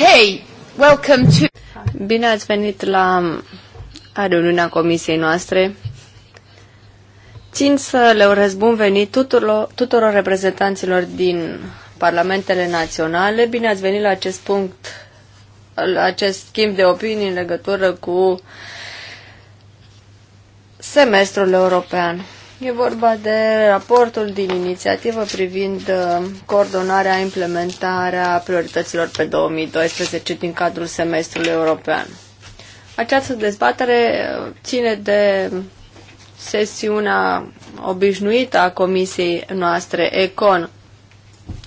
Okay, welcome to... Bine ați venit la reuniunea comisiei noastre. Țin să le urez bun venit tuturor, tuturor reprezentanților din parlamentele naționale. Bine ați venit la acest punct, la acest schimb de opinii în legătură cu semestrul european. E vorba de raportul din inițiativă privind uh, coordonarea, implementarea priorităților pe 2012 din cadrul semestrului european. Această dezbatere uh, ține de sesiunea obișnuită a comisiei noastre ECON.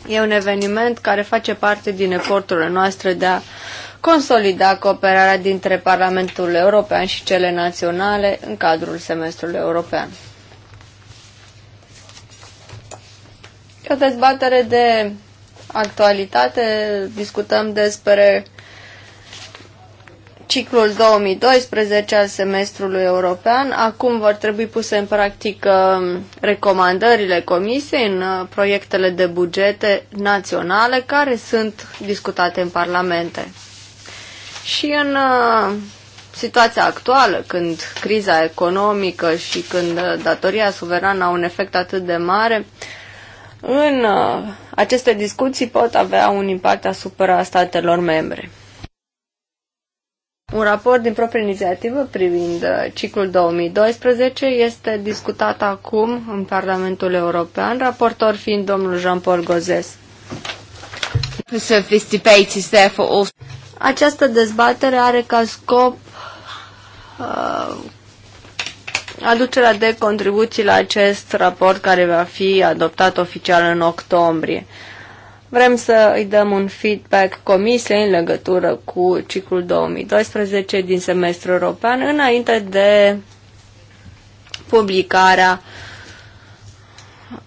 E un eveniment care face parte din eforturile noastre de a consolida cooperarea dintre Parlamentul European și cele naționale în cadrul semestrului european. E o dezbatere de actualitate. Discutăm despre ciclul 2012 al semestrului european. Acum vor trebui puse în practică recomandările comisiei în proiectele de bugete naționale care sunt discutate în parlamente. Și în uh, situația actuală, când criza economică și când datoria suverană au un efect atât de mare, uh, în uh, aceste discuții pot avea un impact asupra statelor membre. Un raport din proprie inițiativă privind uh, ciclul 2012 este discutat acum în Parlamentul European, raportor fiind domnul Jean-Paul Gozes. Această dezbatere are ca scop uh, aducerea de contribuții la acest raport care va fi adoptat oficial în octombrie. Vrem să îi dăm un feedback comisiei în legătură cu ciclul 2012 din semestrul european înainte de publicarea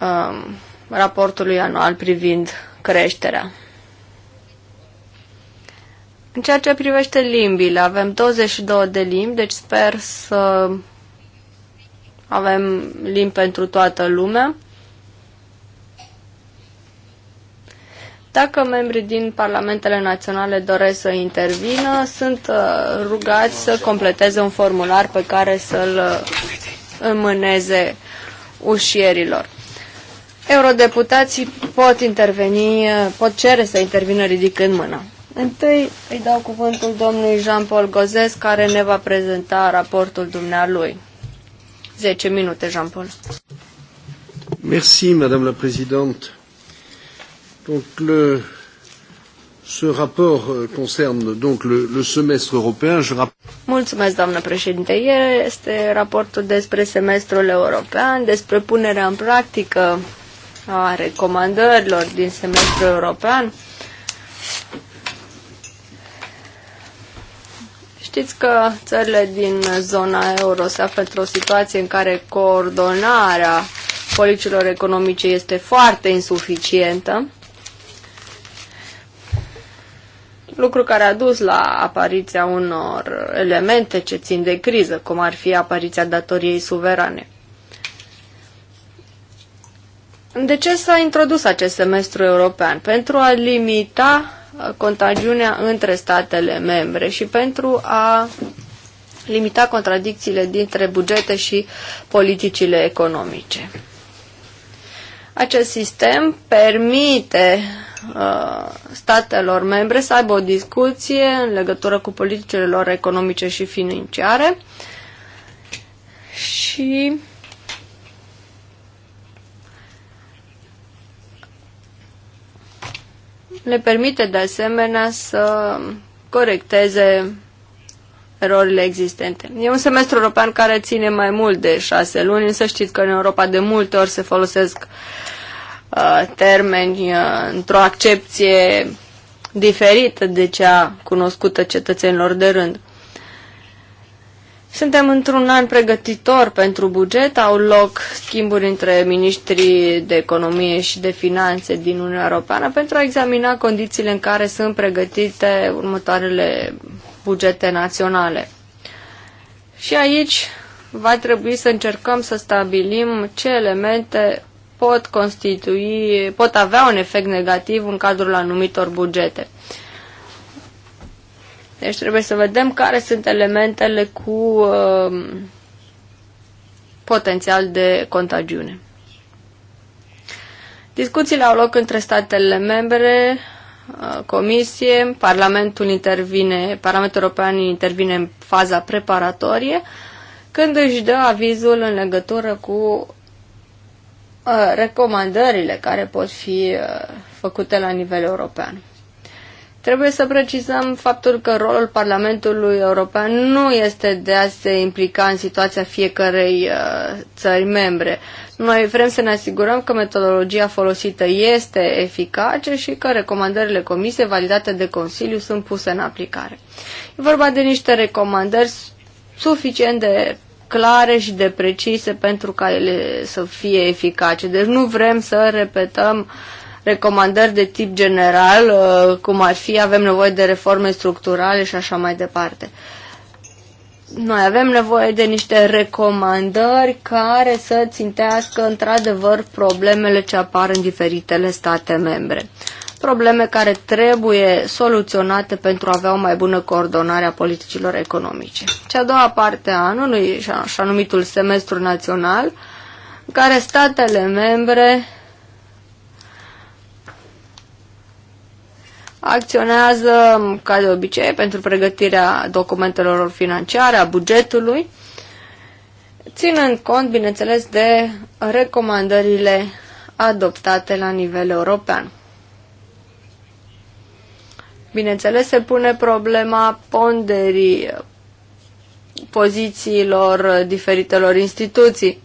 um, raportului anual privind creșterea. În ceea ce privește limbile, avem 22 de limbi, deci sper să avem limbi pentru toată lumea. Dacă membrii din parlamentele naționale doresc să intervină, sunt uh, rugați să completeze un formular pe care să-l uh, îmâneze ușierilor. Eurodeputații pot interveni, uh, pot cere să intervină ridicând mâna. Întâi îi dau cuvântul domnului Jean-Paul Gozes, care ne va prezenta raportul dumnealui. 10 minute, Jean-Paul. Merci, Madame la Présidente. Donc, le, ce rapport euh, concerne donc le, le semestre european. Je rap... Mulțumesc, doamnă președinte. Este raportul despre semestrul european, despre punerea în practică a recomandărilor din semestrul european. Știți că țările din zona euro se află într-o situație în care coordonarea politicilor economice este foarte insuficientă, lucru care a dus la apariția unor elemente ce țin de criză, cum ar fi apariția datoriei suverane. De ce s-a introdus acest semestru european? Pentru a limita contagiunea între statele membre și pentru a limita contradicțiile dintre bugete și politicile economice. Acest sistem permite uh, statelor membre să aibă o discuție în legătură cu politicile lor economice și financiare și Ne permite de asemenea să corecteze erorile existente. E un semestru european care ține mai mult de șase luni, însă știți că în Europa de multe ori se folosesc uh, termeni uh, într-o accepție diferită de cea cunoscută cetățenilor de rând. Suntem într-un an pregătitor pentru buget, au loc schimburi între ministrii de economie și de finanțe din Uniunea Europeană pentru a examina condițiile în care sunt pregătite următoarele bugete naționale. Și aici va trebui să încercăm să stabilim ce elemente pot constitui, pot avea un efect negativ în cadrul anumitor bugete. Deci trebuie să vedem care sunt elementele cu uh, potențial de contagiune. Discuțiile au loc între statele membre, uh, Comisie, Parlamentul intervine, Parlamentul European intervine în faza preparatorie, când își dă avizul în legătură cu uh, recomandările care pot fi uh, făcute la nivel european. Trebuie să precizăm faptul că rolul Parlamentului European nu este de a se implica în situația fiecărei uh, țări membre. Noi vrem să ne asigurăm că metodologia folosită este eficace și că recomandările comise validate de Consiliu sunt puse în aplicare. E vorba de niște recomandări suficient de clare și de precise pentru ca ele să fie eficace. Deci nu vrem să repetăm uh, recomandări de tip general, uh, cum ar fi avem nevoie de reforme structurale și așa mai departe. Noi avem nevoie de niște recomandări care să țintească într-adevăr problemele ce apar în diferitele state membre. Probleme care trebuie soluționate pentru a avea o mai bună coordonare a politicilor economice. Cea a doua parte a anului, așa numitul semestru național, în care statele membre acționează, ca de obicei, pentru pregătirea documentelor financiare, a bugetului, ținând cont, bineînțeles, de recomandările adoptate la nivel european. Bineînțeles, se pune problema ponderii pozițiilor diferitelor instituții.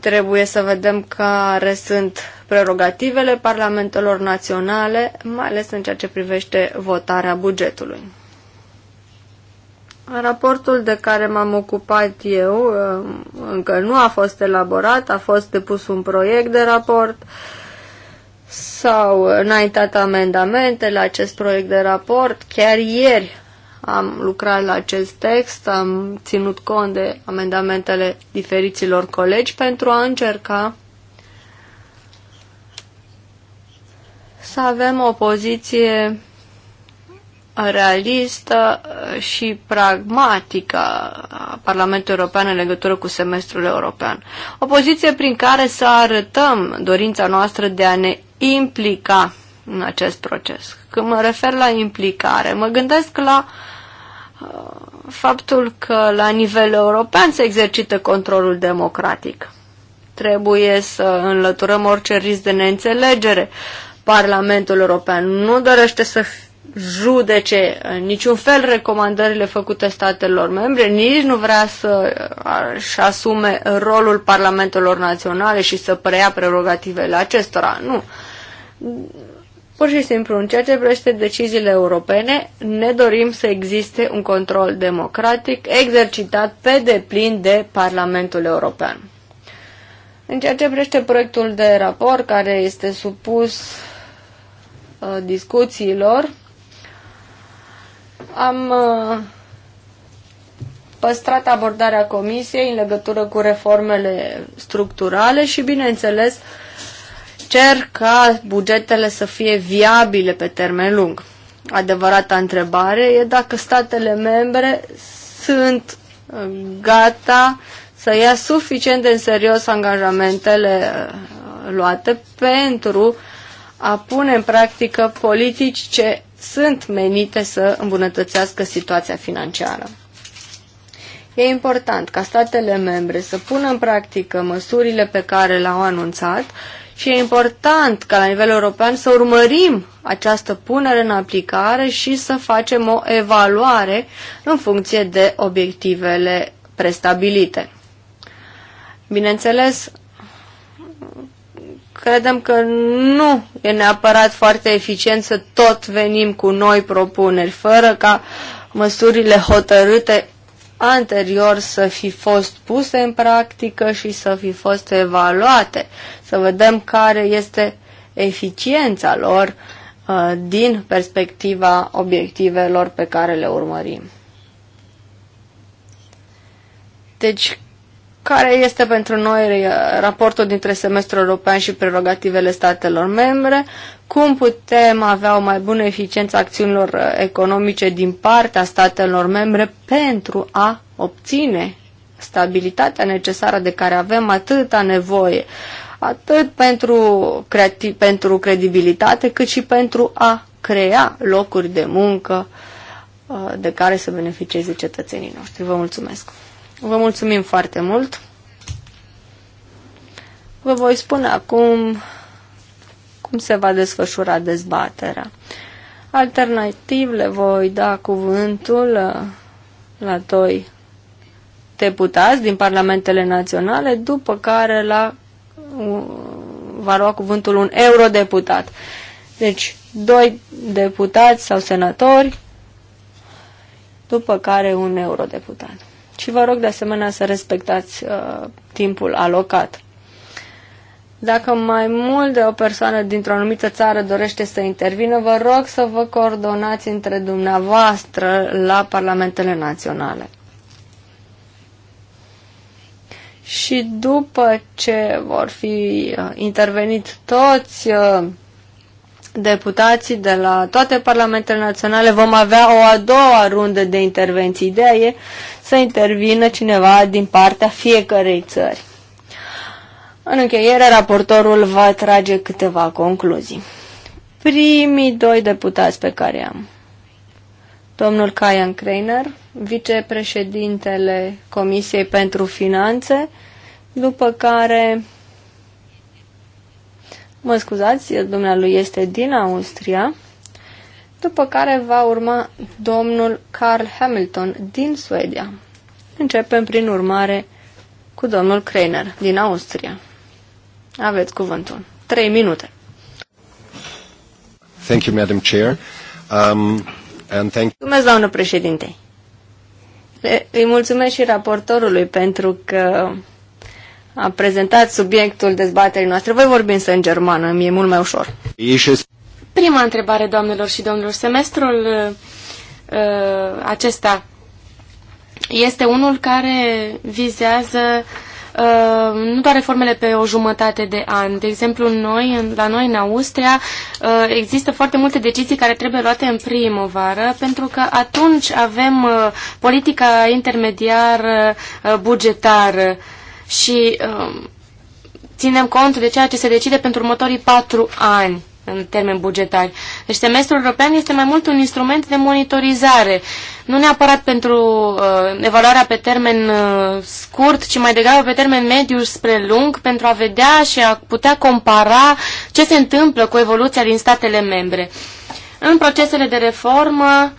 Trebuie să vedem care sunt prerogativele parlamentelor naționale, mai ales în ceea ce privește votarea bugetului. Raportul de care m-am ocupat eu uh, încă nu a fost elaborat, a fost depus un proiect de raport, s-au înaintat amendamente la acest proiect de raport. Chiar ieri am lucrat la acest text, am ținut cont de amendamentele diferiților colegi pentru a încerca să avem o poziție realistă și pragmatică a Parlamentului European în legătură cu semestrul european. O poziție prin care să arătăm dorința noastră de a ne implica în acest proces. Când mă refer la implicare, mă gândesc la uh, faptul că la nivel european se exercită controlul democratic. Trebuie să înlăturăm orice risc de neînțelegere, Parlamentul European. Nu dorește să judece în uh, niciun fel recomandările făcute statelor membre, nici nu vrea să uh, își asume rolul parlamentelor naționale și să preia prerogativele acestora. Nu. Pur și simplu, în ceea ce privește deciziile europene, ne dorim să existe un control democratic exercitat pe deplin de Parlamentul European. În ceea ce privește proiectul de raport care este supus Uh, discuțiilor, am uh, păstrat abordarea comisiei în legătură cu reformele structurale și, bineînțeles, cer ca bugetele să fie viabile pe termen lung. Adevărata întrebare e dacă statele membre sunt uh, gata să ia suficient de în serios angajamentele luate pentru uh, a pune în practică politici ce sunt menite să îmbunătățească situația financiară. E important ca statele membre să pună în practică măsurile pe care le-au anunțat și e important ca la nivel european să urmărim această punere în aplicare și să facem o evaluare în funcție de obiectivele prestabilite. Bineînțeles, credem că nu e neapărat foarte eficient să tot venim cu noi propuneri, fără ca măsurile hotărâte anterior să fi fost puse în practică și să fi fost evaluate, să vedem care este eficiența lor uh, din perspectiva obiectivelor pe care le urmărim. Deci, care este pentru noi uh, raportul dintre semestrul european și prerogativele statelor membre, cum putem avea o mai bună eficiență acțiunilor uh, economice din partea statelor membre pentru a obține stabilitatea necesară de care avem atâta nevoie, atât pentru, creativ, pentru credibilitate, cât și pentru a crea locuri de muncă uh, de care să beneficieze cetățenii noștri. Vă mulțumesc! Vă mulțumim foarte mult. Vă voi spune acum cum se va desfășura dezbaterea. Alternativ le voi da cuvântul uh, la doi deputați din parlamentele naționale, după care la, uh, va lua cuvântul un eurodeputat. Deci, doi deputați sau senatori, după care un eurodeputat și vă rog de asemenea să respectați uh, timpul alocat. Dacă mai mult de o persoană dintr-o anumită țară dorește să intervină, vă rog să vă coordonați între dumneavoastră la parlamentele naționale. Și după ce vor fi uh, intervenit toți uh, deputații de la toate parlamentele naționale vom avea o a doua rundă de intervenții. Ideea e să intervină cineva din partea fiecărei țări. În încheiere, raportorul va trage câteva concluzii. Primii doi deputați pe care am. Domnul Kajan Kreiner, vicepreședintele Comisiei pentru Finanțe, după care Mă scuzați, dumnealui este din Austria, după care va urma domnul Carl Hamilton din Suedia. Începem prin urmare cu domnul Kreiner din Austria. Aveți cuvântul. Trei minute. Thank you, Madam Chair. Um, and thank... Mulțumesc, doamnă președinte. Îi mulțumesc și raportorului pentru că a prezentat subiectul dezbaterii noastre. Voi vorbi însă în germană, mi-e mult mai ușor. Prima întrebare, doamnelor și domnilor. Semestrul uh, acesta este unul care vizează uh, nu doar reformele pe o jumătate de an. De exemplu, noi, la noi în Austria uh, există foarte multe decizii care trebuie luate în primăvară pentru că atunci avem uh, politica intermediară uh, bugetară și um, ținem cont de ceea ce se decide pentru următorii patru ani în termeni bugetari. Deci semestrul european este mai mult un instrument de monitorizare, nu neapărat pentru uh, evaluarea pe termen uh, scurt, ci mai degrabă pe termen mediu spre lung, pentru a vedea și a putea compara ce se întâmplă cu evoluția din statele membre. În procesele de reformă, uh,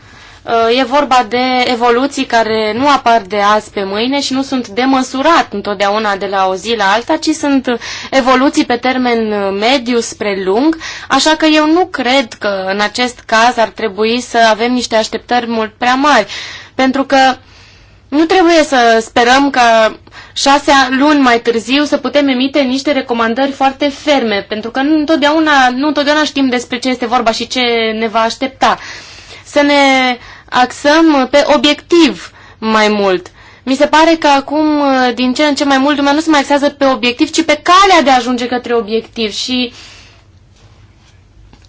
Uh, e vorba de evoluții care nu apar de azi pe mâine și nu sunt de măsurat întotdeauna de la o zi la alta, ci sunt evoluții pe termen uh, mediu spre lung, așa că eu nu cred că în acest caz ar trebui să avem niște așteptări mult prea mari, pentru că nu trebuie să sperăm că șase luni mai târziu să putem emite niște recomandări foarte ferme, pentru că nu întotdeauna, nu întotdeauna știm despre ce este vorba și ce ne va aștepta. Să ne axăm uh, pe obiectiv mai mult. Mi se pare că acum, uh, din ce în ce mai mult, lumea nu se mai axează pe obiectiv, ci pe calea de a ajunge către obiectiv și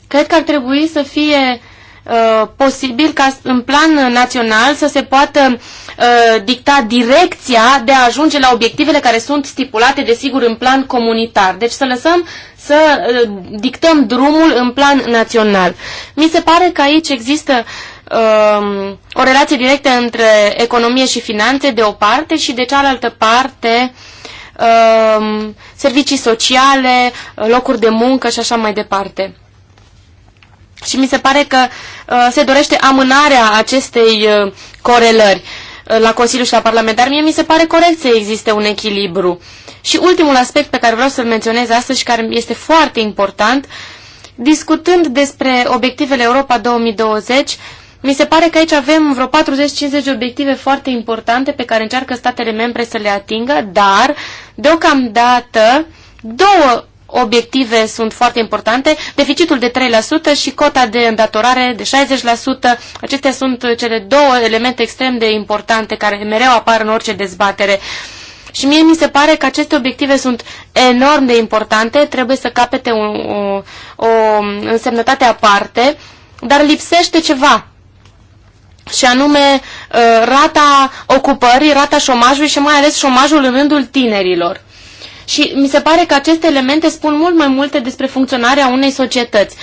cred că ar trebui să fie uh, posibil ca în plan național să se poată uh, dicta direcția de a ajunge la obiectivele care sunt stipulate, desigur, în plan comunitar. Deci să lăsăm să uh, dictăm drumul în plan național. Mi se pare că aici există uh, Um, o relație directă între economie și finanțe de o parte și de cealaltă parte um, servicii sociale, locuri de muncă și așa mai departe. Și mi se pare că uh, se dorește amânarea acestei uh, corelări uh, la Consiliu și la Parlamentar. Mie mi se pare corect să existe un echilibru. Și ultimul aspect pe care vreau să-l menționez astăzi și care este foarte important, discutând despre obiectivele Europa 2020, mi se pare că aici avem vreo 40-50 de obiective foarte importante pe care încearcă statele membre să le atingă, dar deocamdată două obiective sunt foarte importante, deficitul de 3% și cota de îndatorare de 60%. Acestea sunt cele două elemente extrem de importante care mereu apar în orice dezbatere. Și mie mi se pare că aceste obiective sunt enorm de importante, trebuie să capete o, o, o însemnătate aparte, dar lipsește ceva și anume uh, rata ocupării, rata șomajului și mai ales șomajul în rândul tinerilor. Și mi se pare că aceste elemente spun mult mai multe despre funcționarea unei societăți.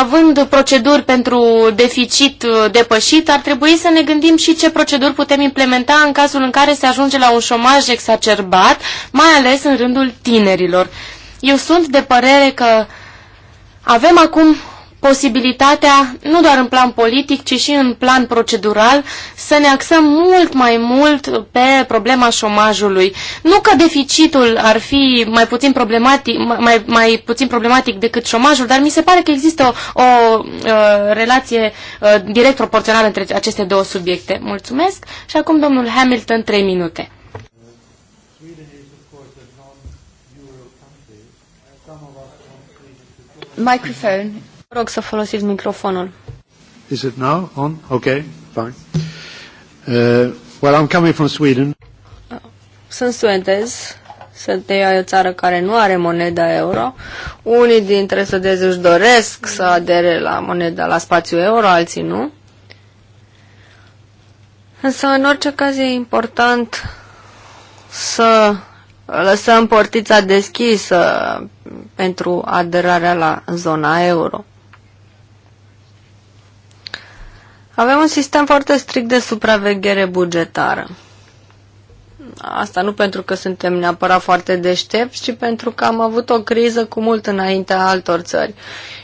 Având proceduri pentru deficit uh, depășit, ar trebui să ne gândim și ce proceduri putem implementa în cazul în care se ajunge la un șomaj exacerbat, mai ales în rândul tinerilor. Eu sunt de părere că avem acum posibilitatea, nu doar în plan politic, ci și în plan procedural, să ne axăm mult mai mult pe problema șomajului. Nu că deficitul ar fi mai puțin problematic, mai, mai puțin problematic decât șomajul, dar mi se pare că există o, o uh, relație uh, direct proporțională între aceste două subiecte. Mulțumesc și acum domnul Hamilton, trei minute. Microphone. Rog să folosiți microfonul. Is it now on? Okay, fine. Uh, well, I'm coming from Sweden. Sunt suedez, sunt eu o țară care nu are moneda euro. Unii dintre suedezi își doresc să adere la moneda, la spațiul euro, alții nu. Însă, în orice caz, e important să lăsăm portița deschisă pentru aderarea la zona euro. Avem un sistem foarte strict de supraveghere bugetară. Asta nu pentru că suntem neapărat foarte deștepți, ci pentru că am avut o criză cu mult înaintea altor țări.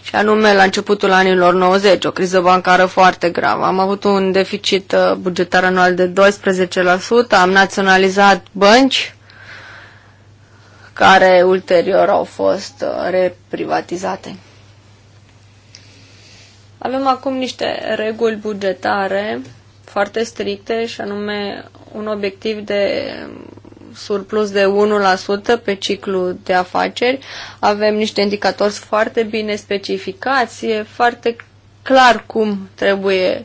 Și anume la începutul anilor 90, o criză bancară foarte gravă. Am avut un deficit uh, bugetar anual de 12%, am naționalizat bănci care ulterior au fost uh, reprivatizate. Avem acum niște reguli bugetare foarte stricte și anume un obiectiv de surplus de 1% pe ciclu de afaceri. Avem niște indicatori foarte bine specificați, e foarte clar cum trebuie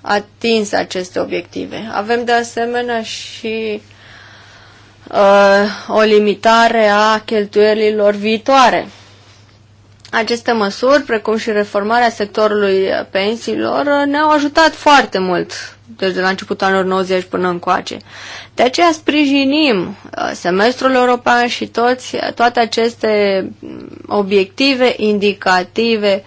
atins aceste obiective. Avem de asemenea și uh, o limitare a cheltuielilor viitoare. Aceste măsuri, precum și reformarea sectorului pensiilor, ne-au ajutat foarte mult, deci de la începutul anilor 90 până încoace. De aceea sprijinim uh, semestrul european și toți, uh, toate aceste mm, obiective indicative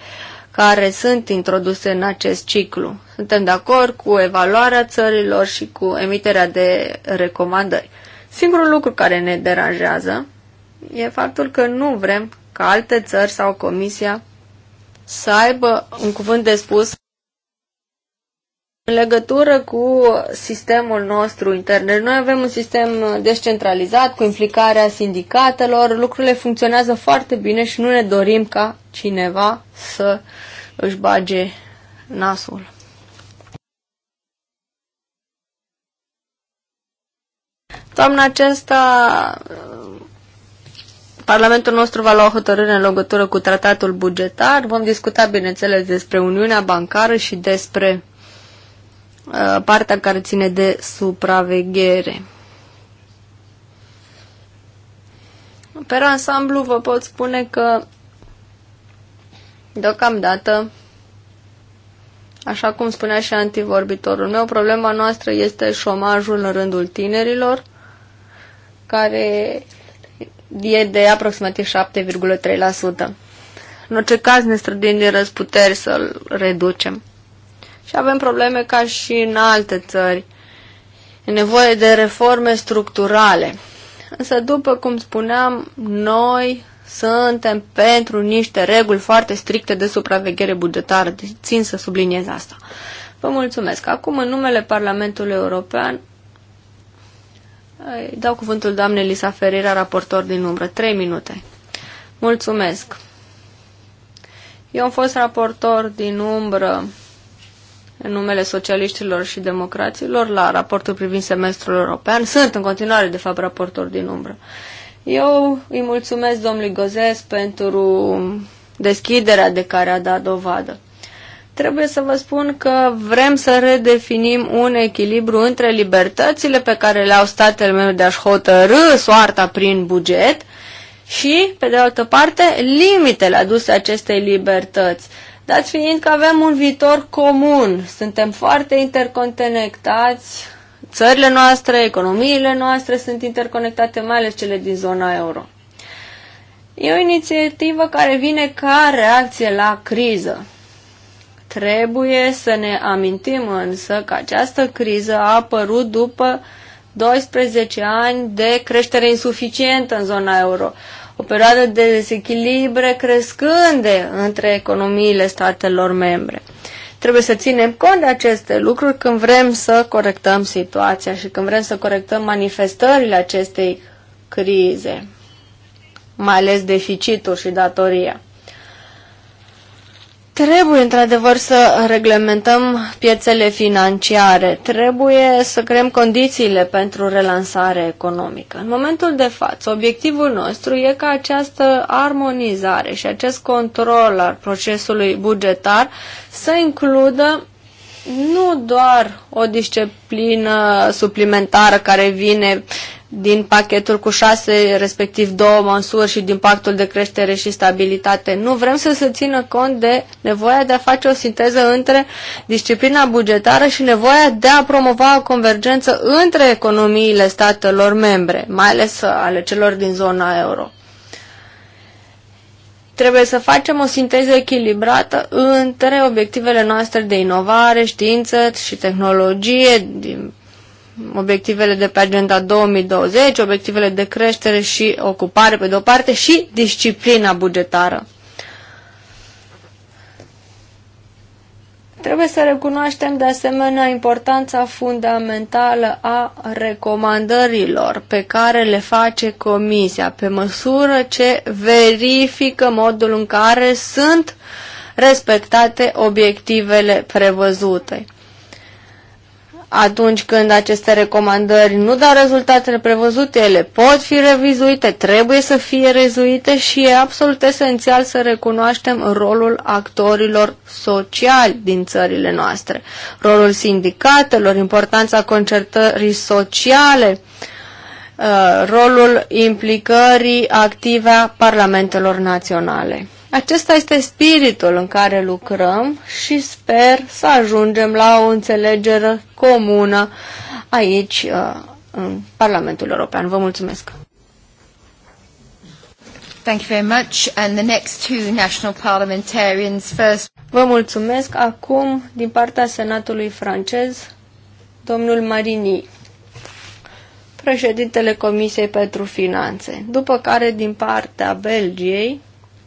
care sunt introduse în acest ciclu. Suntem de acord cu evaluarea țărilor și cu emiterea de recomandări. Singurul lucru care ne deranjează e faptul că nu vrem ca alte țări sau Comisia să aibă un cuvânt de spus în legătură cu sistemul nostru intern. Noi avem un sistem descentralizat cu implicarea sindicatelor, lucrurile funcționează foarte bine și nu ne dorim ca cineva să își bage nasul. Toamna aceasta Parlamentul nostru va lua o hotărâre în legătură cu tratatul bugetar. Vom discuta, bineînțeles, despre Uniunea Bancară și despre uh, partea care ține de supraveghere. Pe ansamblu vă pot spune că deocamdată Așa cum spunea și antivorbitorul meu, problema noastră este șomajul în rândul tinerilor, care e de aproximativ 7,3%. În orice caz ne străduim din răzputeri să-l reducem. Și avem probleme ca și în alte țări. E nevoie de reforme structurale. Însă, după cum spuneam, noi suntem pentru niște reguli foarte stricte de supraveghere bugetară. Deci țin să subliniez asta. Vă mulțumesc. Acum, în numele Parlamentului European, îi dau cuvântul doamnei Lisa Ferreira, raportor din umbră. Trei minute. Mulțumesc. Eu am fost raportor din umbră în numele socialiștilor și democraților la raportul privind semestrul european. Sunt în continuare, de fapt, raportor din umbră. Eu îi mulțumesc domnului Gozes pentru deschiderea de care a dat dovadă. Trebuie să vă spun că vrem să redefinim un echilibru între libertățile pe care le au statele membre de a-și hotărâ soarta prin buget și, pe de altă parte, limitele aduse acestei libertăți. Dați fiind că avem un viitor comun, suntem foarte interconectați, țările noastre, economiile noastre sunt interconectate, mai ales cele din zona euro. E o inițiativă care vine ca reacție la criză. Trebuie să ne amintim însă că această criză a apărut după 12 ani de creștere insuficientă în zona euro, o perioadă de dezechilibre crescânde între economiile statelor membre. Trebuie să ținem cont de aceste lucruri când vrem să corectăm situația și când vrem să corectăm manifestările acestei crize, mai ales deficitul și datoria. Trebuie într-adevăr să reglementăm piețele financiare, trebuie să creăm condițiile pentru relansare economică. În momentul de față, obiectivul nostru e ca această armonizare și acest control al procesului bugetar să includă nu doar o disciplină suplimentară care vine din pachetul cu șase, respectiv două măsuri și din pactul de creștere și stabilitate. Nu vrem să se țină cont de nevoia de a face o sinteză între disciplina bugetară și nevoia de a promova o convergență între economiile statelor membre, mai ales ale celor din zona euro. Trebuie să facem o sinteză echilibrată între obiectivele noastre de inovare, știință și tehnologie din obiectivele de pe agenda 2020, obiectivele de creștere și ocupare pe de o parte și disciplina bugetară. Trebuie să recunoaștem de asemenea importanța fundamentală a recomandărilor pe care le face Comisia pe măsură ce verifică modul în care sunt respectate obiectivele prevăzute atunci când aceste recomandări nu dau rezultatele prevăzute, ele pot fi revizuite, trebuie să fie revizuite și e absolut esențial să recunoaștem rolul actorilor sociali din țările noastre, rolul sindicatelor, importanța concertării sociale, uh, rolul implicării active a parlamentelor naționale. Acesta este spiritul în care lucrăm și sper să ajungem la o înțelegere comună aici uh, în Parlamentul European. Vă mulțumesc! Thank you very much. And the next two national parliamentarians first. Vă mulțumesc. Acum, din partea Senatului francez, domnul Marini, președintele Comisiei pentru Finanțe, după care din partea Belgiei,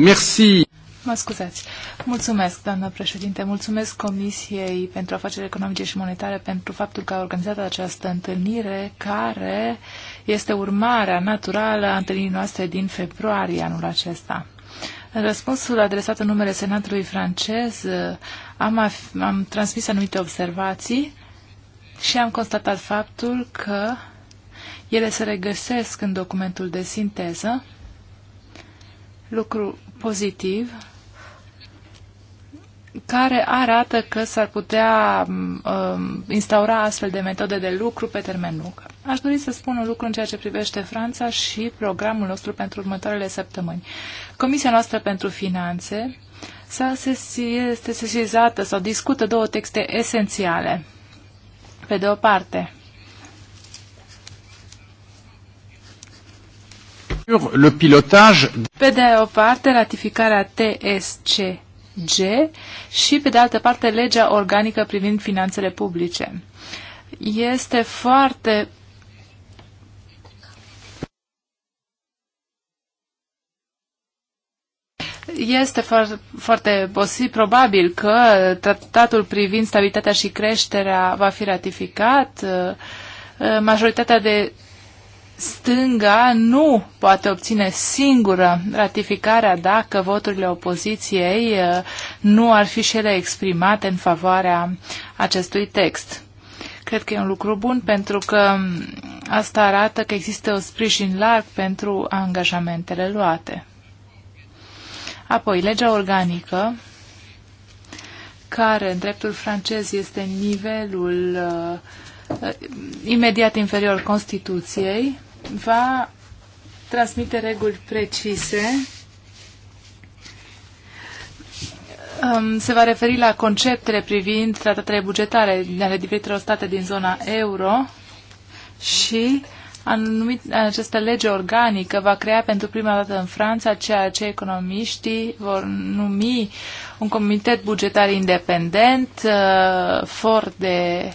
Merci. Mă scuzați. Mulțumesc, doamnă președinte. Mulțumesc Comisiei pentru Afaceri Economice și Monetare pentru faptul că a organizat această întâlnire care este urmarea naturală a întâlnirii noastre din februarie anul acesta. În răspunsul adresat în numele Senatului francez am, am transmis anumite observații și am constatat faptul că ele se regăsesc în documentul de sinteză, lucru pozitiv care arată că s-ar putea um, instaura astfel de metode de lucru pe termen lung. Aș dori să spun un lucru în ceea ce privește Franța și programul nostru pentru următoarele săptămâni. Comisia noastră pentru finanțe s-a este sesizată sau discută două texte esențiale. Pe de o parte, Pe de o parte, ratificarea TSCG și, pe de altă parte, legea organică privind finanțele publice. Este foarte Este foarte, foarte posibil, probabil că tratatul privind stabilitatea și creșterea va fi ratificat. Majoritatea de stânga nu poate obține singură ratificarea dacă voturile opoziției uh, nu ar fi și ele exprimate în favoarea acestui text. Cred că e un lucru bun pentru că um, asta arată că există o sprijin larg pentru angajamentele luate. Apoi, legea organică, care în dreptul francez este nivelul uh, uh imediat inferior Constituției, va transmite reguli precise. Um, se va referi la conceptele privind tratatele bugetare ale diferitelor state din zona euro și anumit, această lege organică va crea pentru prima dată în Franța ceea ce economiștii vor numi un comitet bugetar independent, uh, for de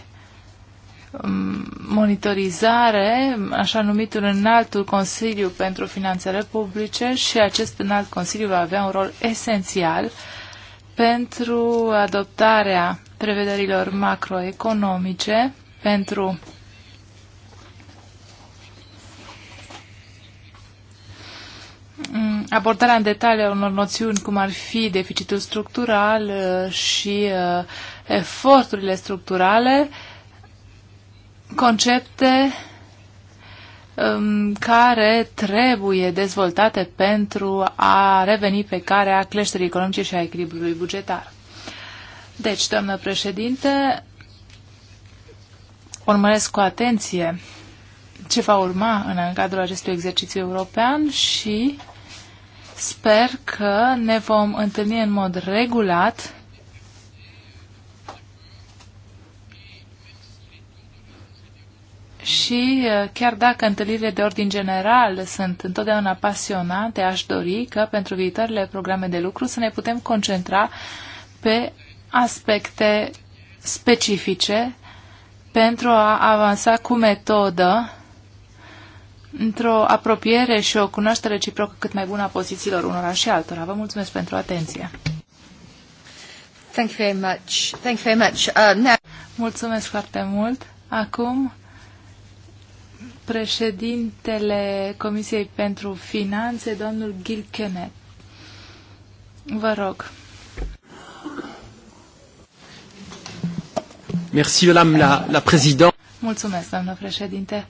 Um, monitorizare, așa numitul înaltul Consiliu pentru Finanțele Publice și acest înalt Consiliu va avea un rol esențial pentru adoptarea prevederilor macroeconomice, pentru um, abordarea în detaliu a unor noțiuni cum ar fi deficitul structural uh, și uh, eforturile structurale, concepte um, care trebuie dezvoltate pentru a reveni pe carea creșterii economice și a echilibrului bugetar. Deci, doamnă președinte, urmăresc cu atenție ce va urma în cadrul acestui exercițiu european și sper că ne vom întâlni în mod regulat și uh, chiar dacă întâlnirile de ordin general sunt întotdeauna pasionante, aș dori că pentru viitoarele programe de lucru să ne putem concentra pe aspecte specifice pentru a avansa cu metodă într-o apropiere și o cunoaștere reciprocă cât mai bună a pozițiilor unora și altora. Vă mulțumesc pentru atenție. Thank you very much. Thank you very much. Uh, now... Mulțumesc foarte mult. Acum președintele Comisiei pentru Finanțe, domnul Gil Kenneth. Vă rog. Merci, madame la, la présidente. Mulțumesc, doamnă președinte.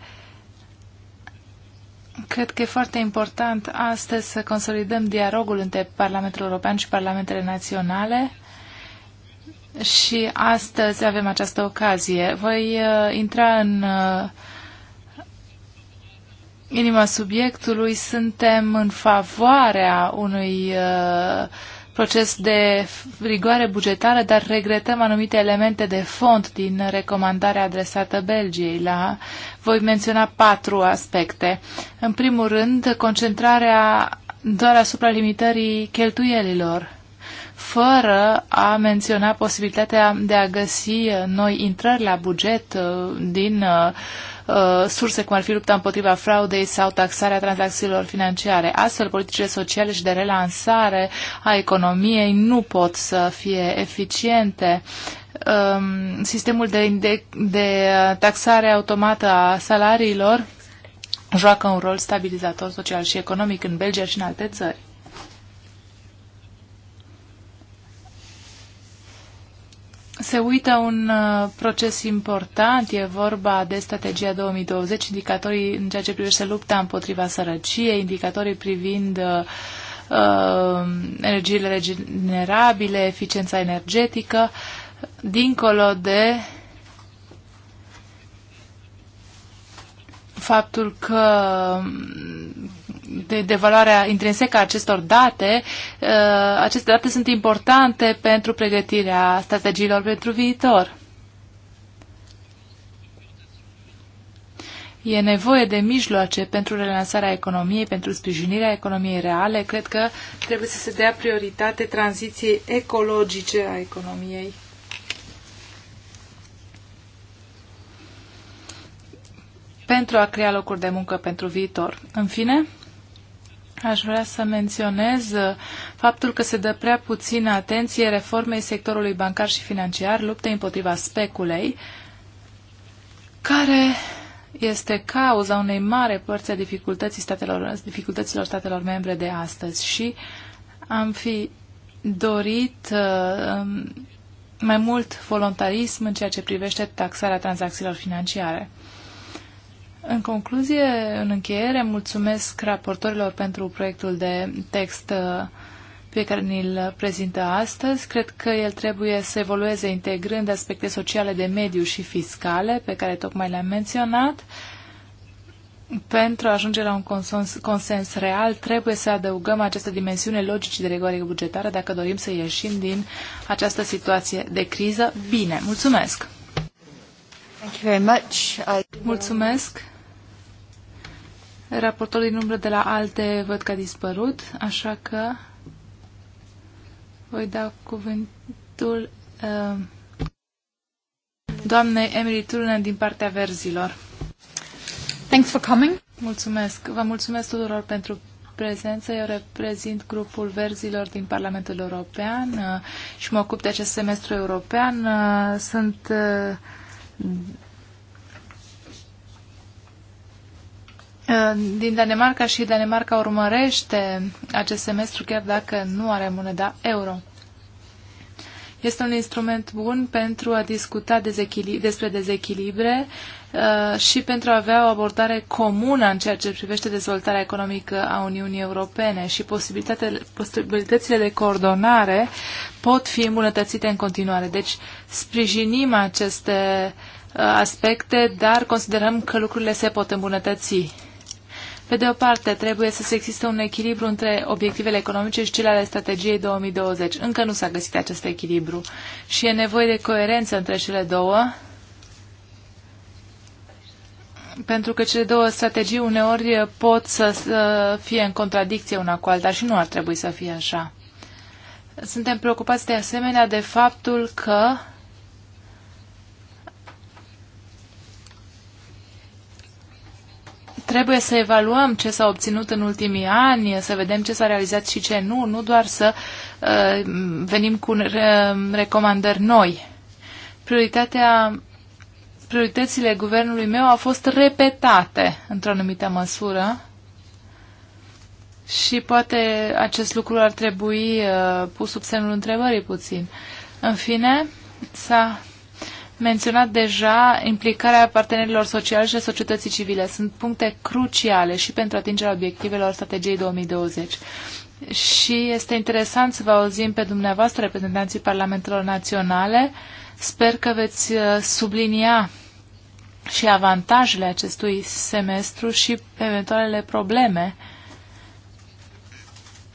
Cred că e foarte important astăzi să consolidăm dialogul între Parlamentul European și Parlamentele Naționale. Și astăzi avem această ocazie. Voi uh, intra în uh, inima subiectului, suntem în favoarea unui uh, proces de rigoare bugetară, dar regretăm anumite elemente de fond din recomandarea adresată Belgiei. La, voi menționa patru aspecte. În primul rând, concentrarea doar asupra limitării cheltuielilor, fără a menționa posibilitatea de a găsi uh, noi intrări la buget uh, din uh, Uh, surse, cum ar fi lupta împotriva fraudei sau taxarea tranzacțiilor financiare. Astfel, politicile sociale și de relansare a economiei nu pot să fie eficiente um, sistemul de, de, de uh, taxare automată a salariilor joacă un rol stabilizator social și economic în Belgia și în alte țări. se uită un uh, proces important, e vorba de strategia 2020, indicatorii în ceea ce privește lupta împotriva sărăciei, indicatorii privind uh, uh energiile regenerabile, eficiența energetică, dincolo de faptul că de, de valoarea intrinsecă a acestor date, uh, aceste date sunt importante pentru pregătirea strategiilor pentru viitor. E nevoie de mijloace pentru relansarea economiei, pentru sprijinirea economiei reale. Cred că trebuie să se dea prioritate tranziției ecologice a economiei. pentru a crea locuri de muncă pentru viitor. În fine, Aș vrea să menționez uh, faptul că se dă prea puțină atenție reformei sectorului bancar și financiar, luptei împotriva speculei, care este cauza unei mare părți a dificultății statelor, dificultăților statelor membre de astăzi și am fi dorit uh, um, mai mult voluntarism în ceea ce privește taxarea tranzacțiilor financiare. În concluzie, în încheiere, mulțumesc raportorilor pentru proiectul de text uh, pe care ni-l prezintă astăzi. Cred că el trebuie să evolueze integrând aspecte sociale de mediu și fiscale, pe care tocmai le-am menționat. Pentru a ajunge la un consens, consens real, trebuie să adăugăm această dimensiune logici de regoare bugetară dacă dorim să ieșim din această situație de criză. Bine, mulțumesc! Thank you very much. Mulțumesc! Raportorul din umbră de la alte văd că a dispărut, așa că voi da cuvântul uh, doamnei Emily Turner din partea verzilor. Thanks for coming. Mulțumesc. Vă mulțumesc tuturor pentru prezență. Eu reprezint grupul verzilor din Parlamentul European uh, și mă ocup de acest semestru european. Uh, sunt uh, din Danemarca și Danemarca urmărește acest semestru chiar dacă nu are moneda euro. Este un instrument bun pentru a discuta dezechili despre dezechilibre uh, și pentru a avea o abordare comună în ceea ce privește dezvoltarea economică a Uniunii Europene și posibilitățile de coordonare pot fi îmbunătățite în continuare. Deci sprijinim aceste uh, aspecte, dar considerăm că lucrurile se pot îmbunătăți pe de o parte, trebuie să se existe un echilibru între obiectivele economice și cele ale strategiei 2020. Încă nu s-a găsit acest echilibru și e nevoie de coerență între cele două, pentru că cele două strategii uneori pot să, fie în contradicție una cu alta și nu ar trebui să fie așa. Suntem preocupați de asemenea de faptul că trebuie să evaluăm ce s-a obținut în ultimii ani, să vedem ce s-a realizat și ce nu, nu doar să uh, venim cu recomandări noi. Prioritatea, prioritățile guvernului meu au fost repetate într-o anumită măsură și poate acest lucru ar trebui uh, pus sub semnul întrebării puțin. În fine, s-a menționat deja implicarea partenerilor sociali și a societății civile. Sunt puncte cruciale și pentru atingerea obiectivelor strategiei 2020. Și este interesant să vă auzim pe dumneavoastră, reprezentanții parlamentelor naționale. Sper că veți uh, sublinia și avantajele acestui semestru și eventualele probleme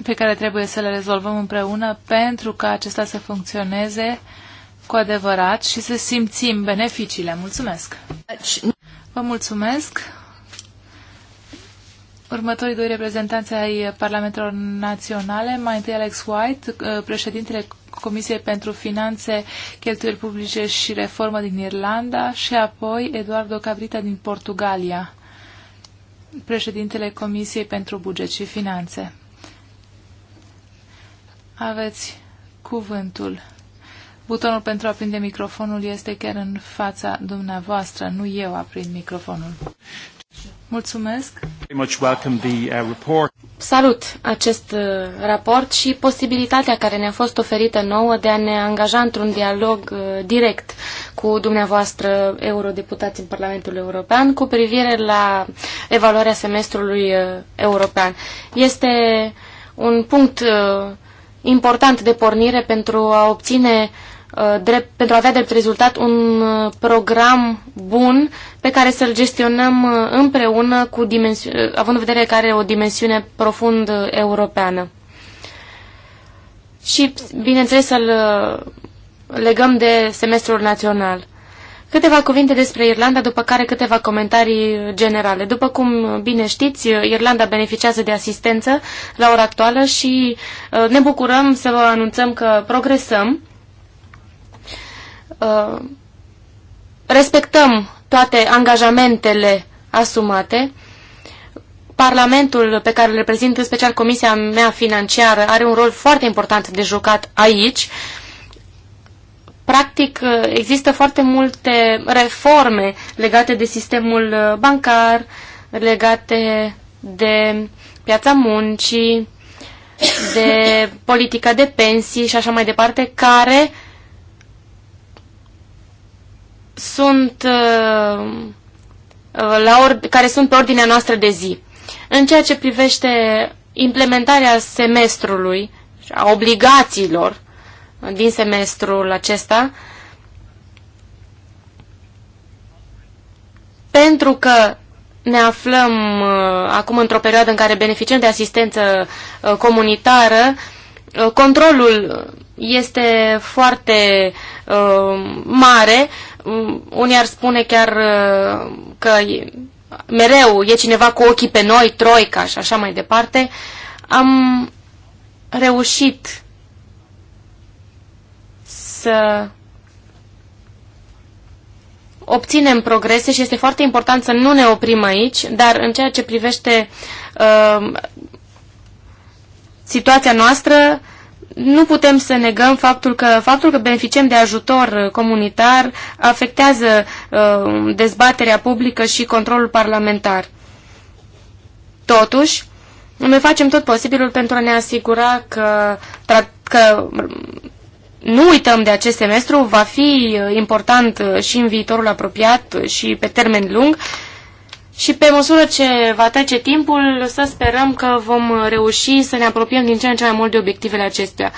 pe care trebuie să le rezolvăm împreună pentru ca acesta să funcționeze uh, cu adevărat și să simțim beneficiile. Mulțumesc! Vă mulțumesc! Următorii doi reprezentanți ai Parlamentelor Naționale, mai întâi Alex White, uh, președintele Comisiei pentru Finanțe, Cheltuieli Publice și Reformă din Irlanda și apoi Eduardo Cabrita din Portugalia, președintele Comisiei pentru Buget și Finanțe. Aveți cuvântul. Butonul pentru a prinde microfonul este chiar în fața dumneavoastră, nu eu aprind microfonul. Mulțumesc! Uh, Salut acest uh, raport și posibilitatea care ne-a fost oferită nouă de a ne angaja într-un dialog uh, direct cu dumneavoastră eurodeputați în Parlamentul European cu privire la evaluarea semestrului european. Este un punct important de pornire pentru a obține Uh, drept, pentru a avea drept rezultat un uh, program bun pe care să-l gestionăm uh, împreună, cu având în vedere că are o dimensiune profund europeană. Și, bineînțeles, să-l legăm de semestrul național. Câteva cuvinte despre Irlanda, după care câteva comentarii generale. După cum bine știți, Irlanda beneficiază de asistență la ora actuală și ne bucurăm să vă anunțăm că progresăm Uh, respectăm toate angajamentele asumate. Parlamentul pe care îl reprezint, în special Comisia mea financiară, are un rol foarte important de jucat aici. Practic, uh, există foarte multe reforme legate de sistemul uh, bancar, legate de piața muncii, de politica de pensii și așa mai departe, care uh, sunt, uh, la care sunt pe ordinea noastră de zi. În ceea ce privește implementarea semestrului, a obligațiilor din semestrul acesta, pentru că ne aflăm uh, acum într-o perioadă în care beneficiem de asistență uh, comunitară, uh, controlul este foarte uh, mare. Mm, unii ar spune chiar uh, că mereu e cineva cu ochii pe noi, troica și așa mai departe. Am reușit să obținem progrese și este foarte important să nu ne oprim aici, dar în ceea ce privește uh, situația noastră, uh, nu putem să negăm faptul că faptul că beneficiem de ajutor uh, comunitar afectează uh, dezbaterea publică și controlul parlamentar. Totuși, noi facem tot posibilul pentru a ne asigura că, că mm, nu uităm de acest semestru, va fi uh, important uh, și în viitorul apropiat și pe termen lung, uh, și pe măsură ce va trece timpul, să sperăm că vom reuși să ne apropiem din ce în ce mai mult de obiectivele acestea.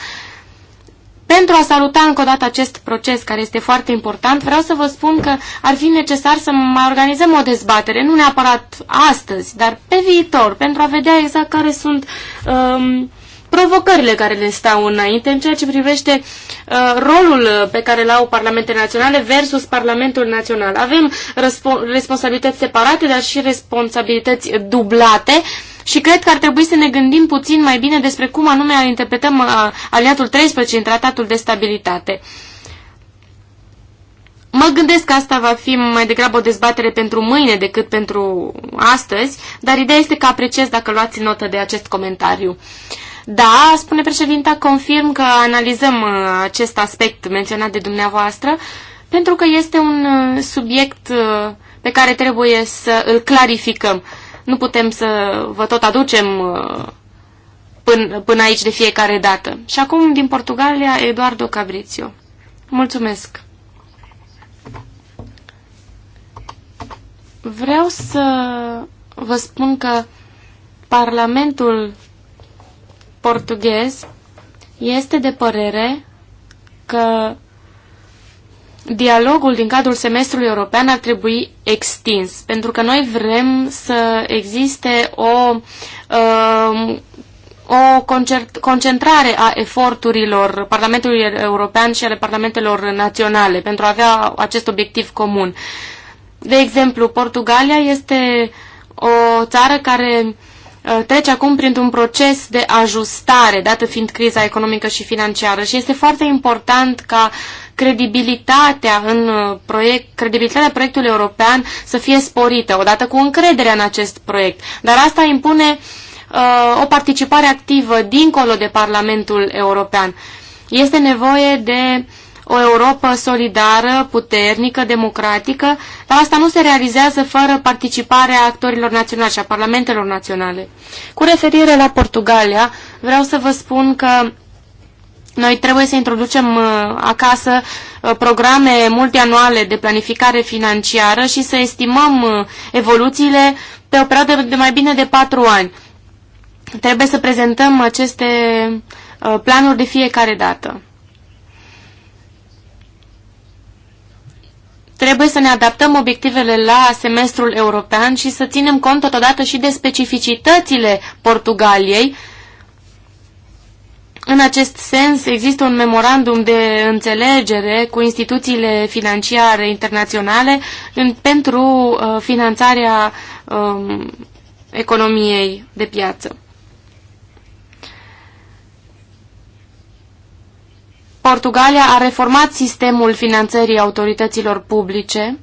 Pentru a saluta încă o dată acest proces, care este foarte important, vreau să vă spun că ar fi necesar să mai organizăm o dezbatere, nu neapărat astăzi, dar pe viitor, pentru a vedea exact care sunt um, provocările care ne stau înainte în ceea ce privește uh, rolul pe care îl au parlamentele naționale versus Parlamentul Național. Avem responsabilități separate, dar și responsabilități dublate și cred că ar trebui să ne gândim puțin mai bine despre cum anume interpretăm uh, aliatul 13 în Tratatul de Stabilitate. Mă gândesc că asta va fi mai degrabă o dezbatere pentru mâine decât pentru astăzi, dar ideea este că apreciez dacă luați notă de acest comentariu. Uh, da, spune președinta, confirm că analizăm uh, acest aspect menționat de dumneavoastră, pentru că este un uh, subiect uh, pe care trebuie să îl clarificăm. Nu putem să vă tot aducem până, până aici de fiecare dată. Și acum, din Portugalia, Eduardo Cabrizio. Mulțumesc! Vreau să vă spun că Parlamentul portughez este de părere că dialogul din cadrul semestrului european ar trebui extins, pentru că noi vrem să existe o, um, o concentrare a eforturilor Parlamentului European și ale Parlamentelor naționale pentru a avea acest obiectiv comun. De exemplu, Portugalia este o țară care Uh, trece acum printr-un proces de ajustare, dată fiind criza economică și financiară și este foarte important ca credibilitatea, în uh, proiect, credibilitatea proiectului european să fie sporită, odată cu încrederea în acest proiect. Dar asta impune uh, o participare activă dincolo de Parlamentul European. Este nevoie de uh, o Europa solidară, puternică, democratică, dar asta nu se realizează fără participarea actorilor naționali și a parlamentelor naționale. Cu referire la Portugalia, vreau să vă spun că noi trebuie să introducem uh, acasă uh, programe multianuale de planificare financiară și să estimăm uh, evoluțiile pe o perioadă de mai bine de patru ani. Trebuie să prezentăm aceste planuri de fiecare dată. Trebuie să ne adaptăm obiectivele la semestrul european și să ținem cont totodată și de specificitățile Portugaliei. În acest sens, există un memorandum de înțelegere cu instituțiile financiare internaționale în, pentru uh, finanțarea um, economiei de piață. Portugalia a reformat sistemul finanțării autorităților publice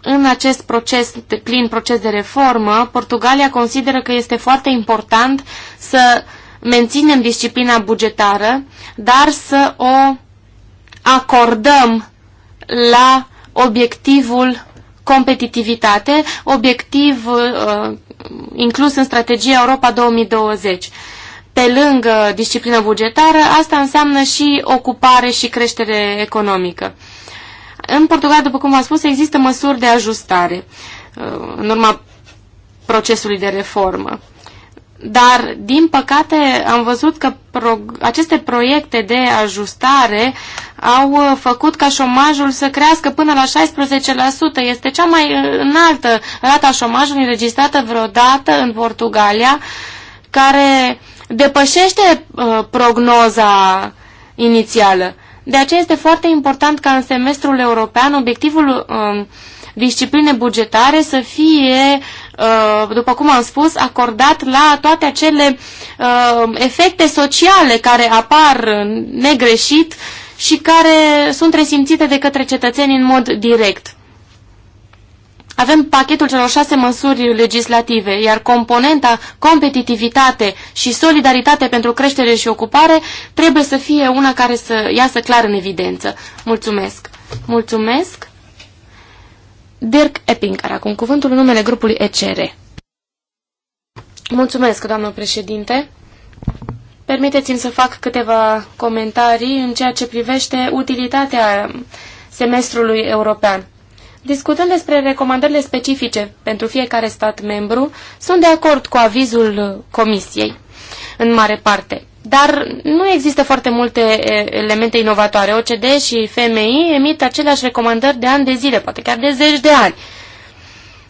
în acest proces, plin proces de reformă, Portugalia consideră că este foarte important să menținem disciplina bugetară, dar să o acordăm la obiectivul competitivitate, obiectiv uh, inclus în strategia Europa 2020. Pe lângă disciplină bugetară, asta înseamnă și ocupare și creștere economică. În Portugal, după cum am spus, există măsuri de ajustare uh, în urma procesului de reformă. Dar, din păcate, am văzut că pro aceste proiecte de ajustare au uh, făcut ca șomajul să crească până la 16%. Este cea mai uh, înaltă rata șomajului înregistrată vreodată în Portugalia, care depășește uh, prognoza inițială. De aceea este foarte important ca în semestrul european obiectivul uh, discipline bugetare să fie Uh, după cum am spus, acordat la toate acele uh, efecte sociale care apar negreșit și care sunt resimțite de către cetățeni în mod direct. Avem pachetul celor șase măsuri legislative, iar componenta competitivitate și solidaritate pentru creștere și ocupare trebuie să fie una care să iasă clar în evidență. Mulțumesc! Mulțumesc! Dirk Epping, care acum cuvântul în numele grupului ECR. Mulțumesc, doamnă președinte. Permiteți-mi să fac câteva comentarii în ceea ce privește utilitatea semestrului european. Discutând despre recomandările specifice pentru fiecare stat membru, sunt de acord cu avizul Comisiei, în mare parte dar nu există foarte multe elemente inovatoare. OCD și FMI emit aceleași recomandări de ani de zile, poate chiar de zeci de ani.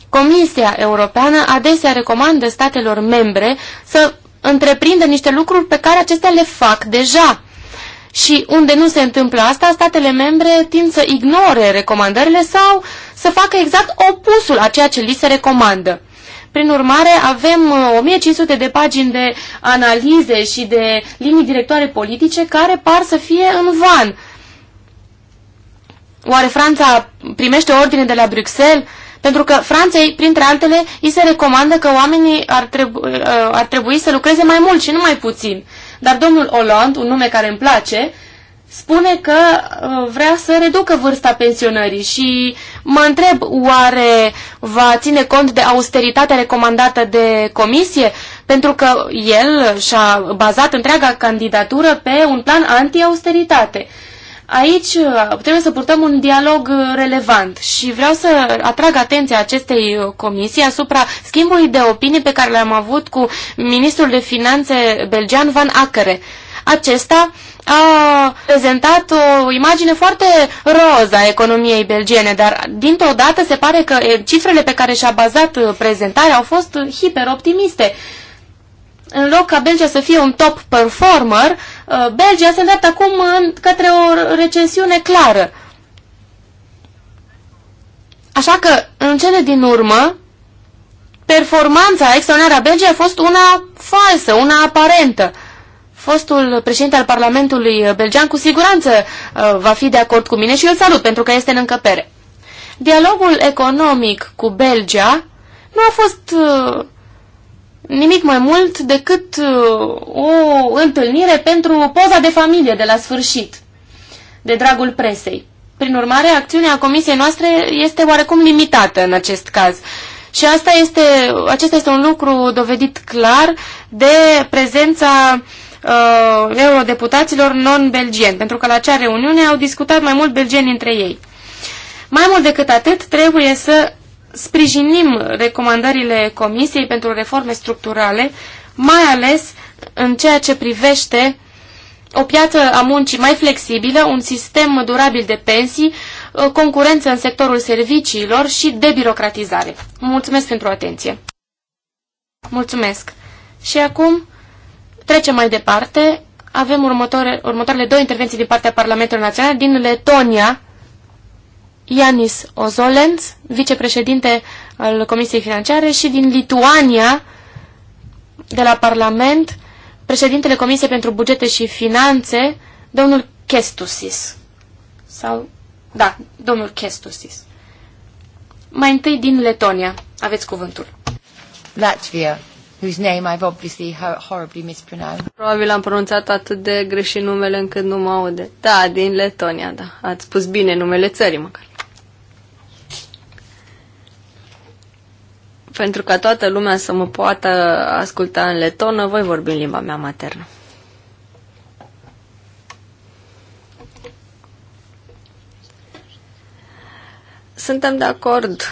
Comisia Europeană adesea recomandă statelor membre să întreprindă niște lucruri pe care acestea le fac deja. Și unde nu se întâmplă asta, statele membre tind să ignore recomandările sau să facă exact opusul a ceea ce li se recomandă. Prin urmare, avem 1500 uh, de pagini de analize și de linii directoare politice care par să fie în van. Oare Franța primește ordine de la Bruxelles? Pentru că Franței, printre altele, îi se recomandă că oamenii ar, trebu uh, ar trebui să lucreze mai mult și nu mai puțin. Dar domnul Hollande, un nume care îmi place, spune că uh, vrea să reducă vârsta pensionării și mă întreb, oare va ține cont de austeritatea recomandată de comisie? Pentru că el și-a bazat întreaga candidatură pe un plan anti-austeritate. Aici uh, trebuie să purtăm un dialog uh, relevant și vreau să atrag atenția acestei comisii asupra schimbului de opinii pe care le-am avut cu ministrul de finanțe belgean Van Acere acesta a prezentat o imagine foarte roză a economiei belgiene, dar dintr-o dată se pare că cifrele pe care și-a bazat uh, prezentarea au fost uh, hiperoptimiste. În loc ca Belgia să fie un top performer, uh, Belgia se îndreaptă acum către o recesiune clară. Așa că, în cele din urmă, performanța extraordinară a Belgiei a fost una falsă, una aparentă fostul președinte al Parlamentului uh, belgean cu siguranță uh, va fi de acord cu mine și îl salut pentru că este în încăpere. Dialogul economic cu Belgia nu a fost uh, nimic mai mult decât o întâlnire pentru poza de familie de la sfârșit, de dragul presei. Prin urmare, acțiunea comisiei noastre este oarecum limitată în acest caz. Și asta este, acesta este un lucru dovedit clar de prezența uh, uh, eurodeputaților non-belgieni, pentru că la acea reuniune au discutat mai mult belgeni între ei. Mai mult decât atât, trebuie să sprijinim recomandările Comisiei pentru reforme structurale, mai ales în ceea ce privește o piață a muncii mai flexibilă, un sistem durabil de pensii, uh, concurență în sectorul serviciilor și debirocratizare. Mulțumesc pentru atenție! Mulțumesc! Și acum Trecem mai departe. Avem următoare, următoarele două intervenții din partea Parlamentului Național din Letonia. Ianis Ozolens, vicepreședinte al Comisiei Financiare, și din Lituania, de la Parlament, președintele Comisiei pentru Bugete și Finanțe, domnul Kestusis. Sau, da, domnul Kestusis. Mai întâi din Letonia. Aveți cuvântul. Latvia whose name I've obviously horribly mispronounced. Probabil am pronunțat atât de greșit numele încât nu mă aude. Da, din Letonia, da. Ați spus bine numele țării, măcar. Pentru ca toată lumea să mă poată asculta în letonă, voi vorbi în limba mea maternă. Suntem de acord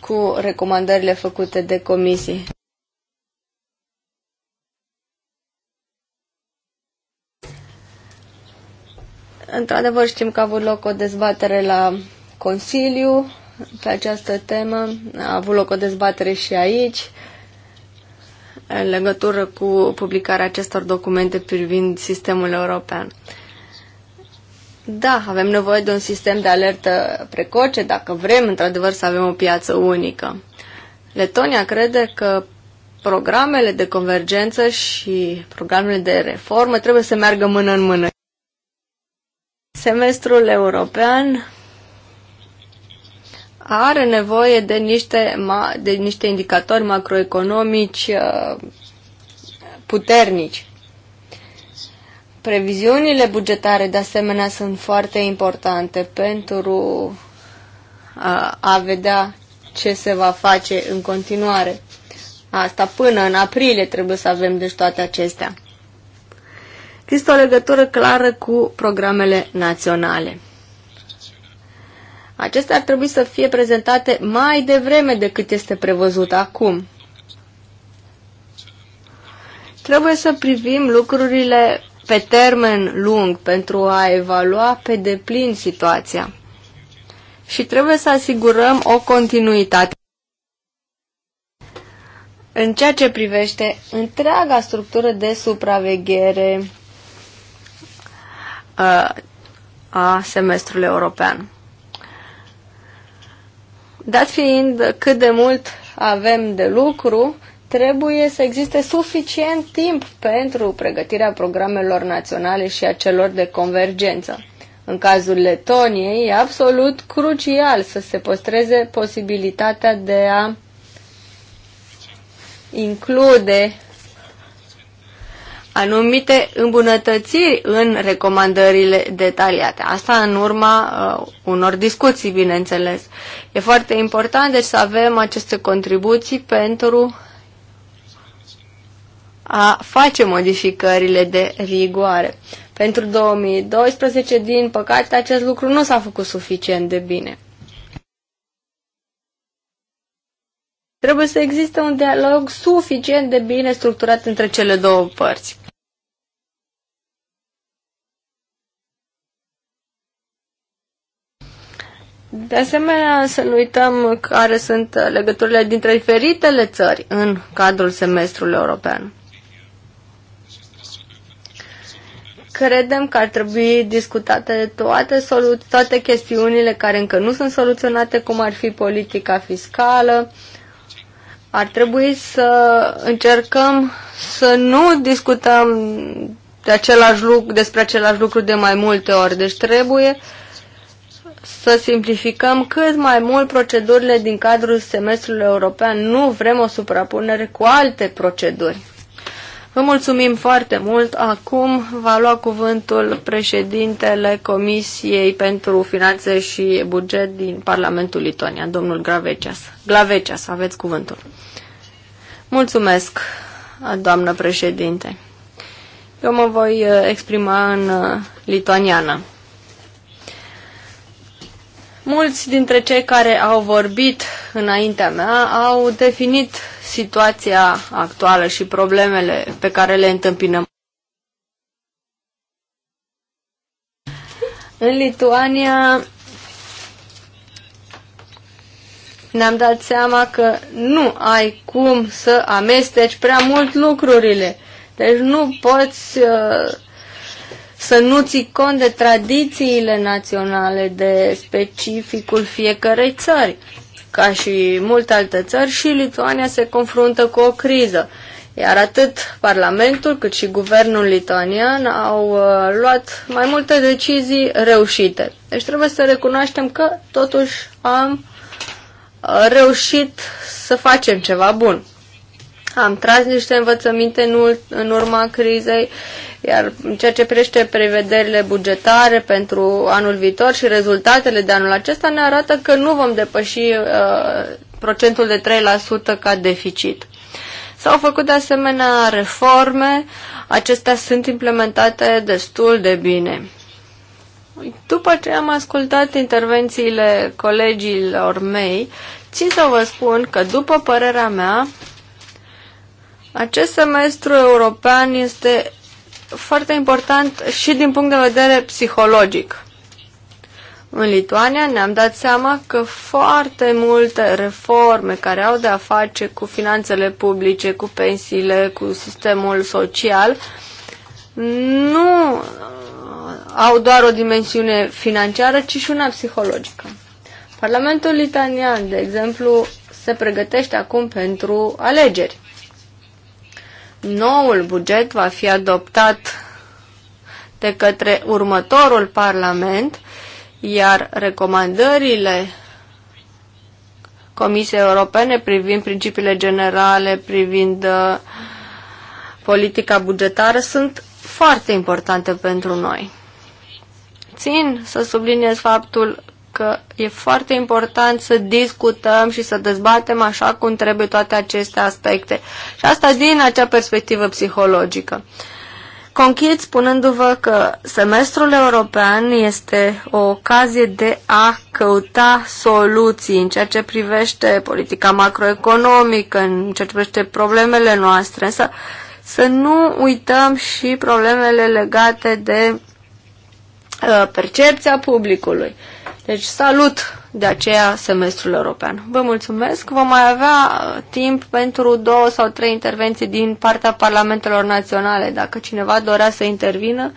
cu recomandările făcute de comisie. Într-adevăr știm că a avut loc o dezbatere la Consiliu pe această temă, a avut loc o dezbatere și aici în legătură cu publicarea acestor documente privind sistemul european. Da, avem nevoie de un sistem de alertă precoce dacă vrem într-adevăr să avem o piață unică. Letonia crede că programele de convergență și programele de reformă trebuie să meargă mână în mână. Semestrul european are nevoie de niște, ma- de niște indicatori macroeconomici uh, puternici. Previziunile bugetare, de asemenea, sunt foarte importante pentru a, a vedea ce se va face în continuare. Asta până în aprilie trebuie să avem deci toate acestea. Există o legătură clară cu programele naționale. Acestea ar trebui să fie prezentate mai devreme decât este prevăzut acum. Trebuie să privim lucrurile pe termen lung pentru a evalua pe deplin situația. Și trebuie să asigurăm o continuitate în ceea ce privește întreaga structură de supraveghere a semestrului european. Dat fiind cât de mult avem de lucru, trebuie să existe suficient timp pentru pregătirea programelor naționale și a celor de convergență. În cazul Letoniei, e absolut crucial să se păstreze posibilitatea de a include anumite îmbunătățiri în recomandările detaliate. Asta în urma uh, unor discuții, bineînțeles. E foarte important deci să avem aceste contribuții pentru a face modificările de rigoare. Pentru 2012, din păcate, acest lucru nu s-a făcut suficient de bine. Trebuie să existe un dialog suficient de bine structurat între cele două părți. De asemenea, să nu uităm care sunt legăturile dintre diferitele țări în cadrul semestrului european. Credem că ar trebui discutate toate, toate chestiunile care încă nu sunt soluționate, cum ar fi politica fiscală. Ar trebui să încercăm să nu discutăm de același lucru, despre același lucru de mai multe ori. Deci trebuie uh, să simplificăm cât mai mult procedurile din cadrul semestrului european. Nu vrem o suprapunere cu alte proceduri. Vă mulțumim foarte mult. Acum va lua cuvântul președintele Comisiei pentru Finanțe și Buget din Parlamentul Litonia, domnul Graveceas. Graveceas, aveți cuvântul. Mulțumesc, doamnă președinte. Eu mă voi eh, exprima în eh, lituaniană. Mulți dintre cei care au vorbit înaintea mea au definit situația actuală și problemele pe care le întâmpinăm. În Lituania ne-am dat seama că nu ai cum să amesteci prea mult lucrurile. Deci nu poți uh, să nu ții cont de tradițiile naționale, de specificul fiecărei țări. Ca și multe alte țări, și Lituania se confruntă cu o criză. Iar atât Parlamentul cât și guvernul lituanian au uh, luat mai multe decizii reușite. Deci trebuie să recunoaștem că totuși am uh, reușit să facem ceva bun. Am tras niște învățăminte în, în urma crizei, iar în ceea ce privește prevederile bugetare pentru anul viitor și rezultatele de anul acesta ne arată că nu vom depăși uh, procentul de 3% ca deficit. S-au făcut de asemenea reforme, acestea sunt implementate destul de bine. După ce am ascultat intervențiile colegilor mei, țin să vă spun că, după părerea mea, acest semestru european este foarte important și din punct de vedere psihologic. În Lituania ne-am dat seama că foarte multe reforme care au de a face cu finanțele publice, cu pensiile, cu sistemul social, nu uh, au doar o dimensiune financiară, ci și una psihologică. Parlamentul litanian, de exemplu, se pregătește acum pentru alegeri. Noul buget va fi adoptat de către următorul Parlament, iar recomandările Comisiei Europene privind principiile generale, privind uh, politica bugetară, sunt foarte importante pentru noi. Țin să subliniez faptul că e foarte important să discutăm și să dezbatem așa cum trebuie toate aceste aspecte. Și asta din acea perspectivă psihologică. Conchid spunându-vă că semestrul european este o ocazie de a căuta soluții în ceea ce privește politica macroeconomică, în ceea ce privește problemele noastre, însă să nu uităm și problemele legate de uh, percepția publicului. Deci salut de aceea semestrul european. Vă mulțumesc. Vom mai avea uh, timp pentru două sau trei intervenții din partea parlamentelor naționale. Dacă cineva dorea să intervină,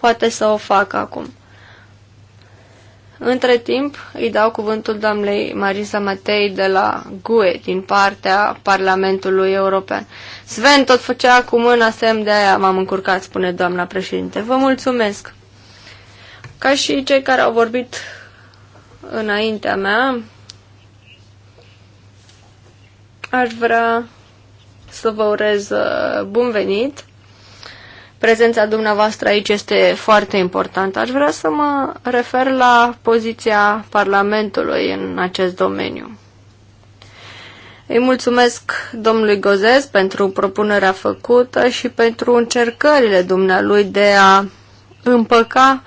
poate să o facă acum. Între timp, îi dau cuvântul doamnei Marisa Matei de la GUE, din partea Parlamentului European. Sven tot făcea cu mâna semn de aia m-am încurcat, spune doamna președinte. Vă mulțumesc! Ca și cei care au vorbit înaintea mea, aș vrea să vă urez uh, bun venit. Prezența dumneavoastră aici este foarte importantă. Aș vrea să mă refer la poziția Parlamentului în acest domeniu. Îi mulțumesc domnului Gozes pentru propunerea făcută și pentru încercările dumnealui de a împăca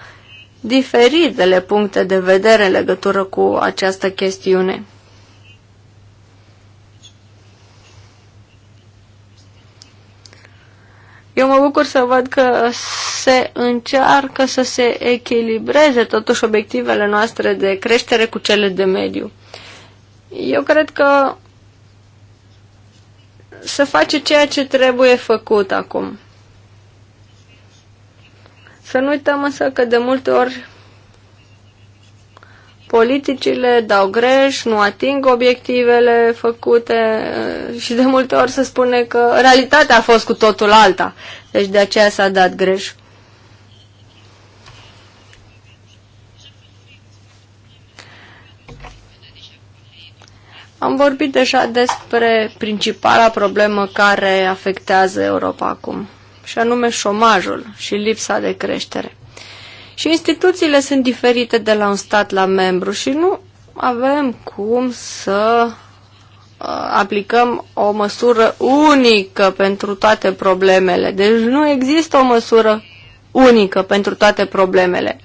diferitele puncte de vedere în legătură cu această chestiune. Eu mă bucur să văd că se încearcă să se echilibreze totuși obiectivele noastre de creștere cu cele de mediu. Eu cred că se face ceea ce trebuie făcut acum. Să nu uităm însă că de multe ori politicile dau greș, nu ating obiectivele făcute eh, și de multe ori se spune că realitatea a fost cu totul alta. Deci de aceea s-a dat greș. Am vorbit deja despre principala problemă care afectează Europa acum și anume șomajul și lipsa de creștere. Și instituțiile sunt diferite de la un stat la membru și nu avem cum să uh, aplicăm o măsură unică pentru toate problemele. Deci nu există o măsură unică pentru toate problemele.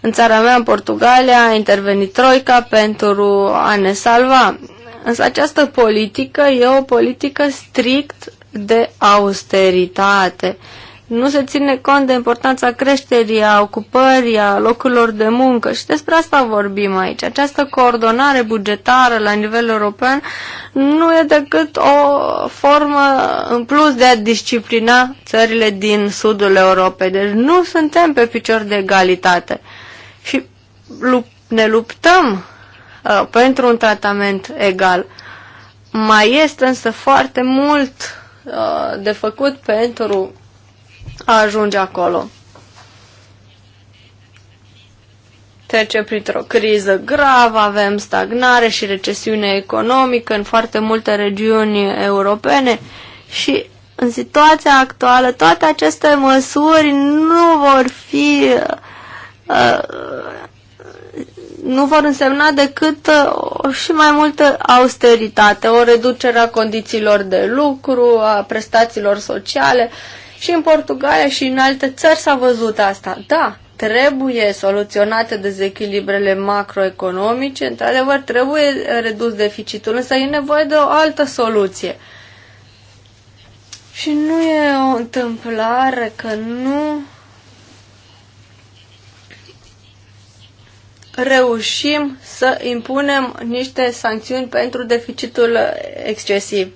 În țara mea, în Portugalia, a intervenit Troica pentru a ne salva. Însă această politică e o politică strict de austeritate. Nu se ține cont de importanța creșterii, a ocupării, a locurilor de muncă și despre asta vorbim aici. Această coordonare bugetară la nivel european nu e decât o formă în plus de a disciplina țările din sudul Europei. Deci nu suntem pe picior de egalitate și ne luptăm uh, pentru un tratament egal. Mai este însă foarte mult Uh, de făcut pentru a ajunge acolo. Trecem printr-o criză gravă, avem stagnare și recesiune economică în foarte multe regiuni europene și în situația actuală toate aceste măsuri nu vor fi uh, nu vor însemna decât uh, și mai multă austeritate, o reducere a condițiilor de lucru, a prestațiilor sociale. Și în Portugalia și în alte țări s-a văzut asta. Da, trebuie soluționate dezechilibrele macroeconomice, într-adevăr trebuie redus deficitul, însă e nevoie de o altă soluție. Și nu e o întâmplare că nu reușim să impunem niște sancțiuni pentru deficitul excesiv.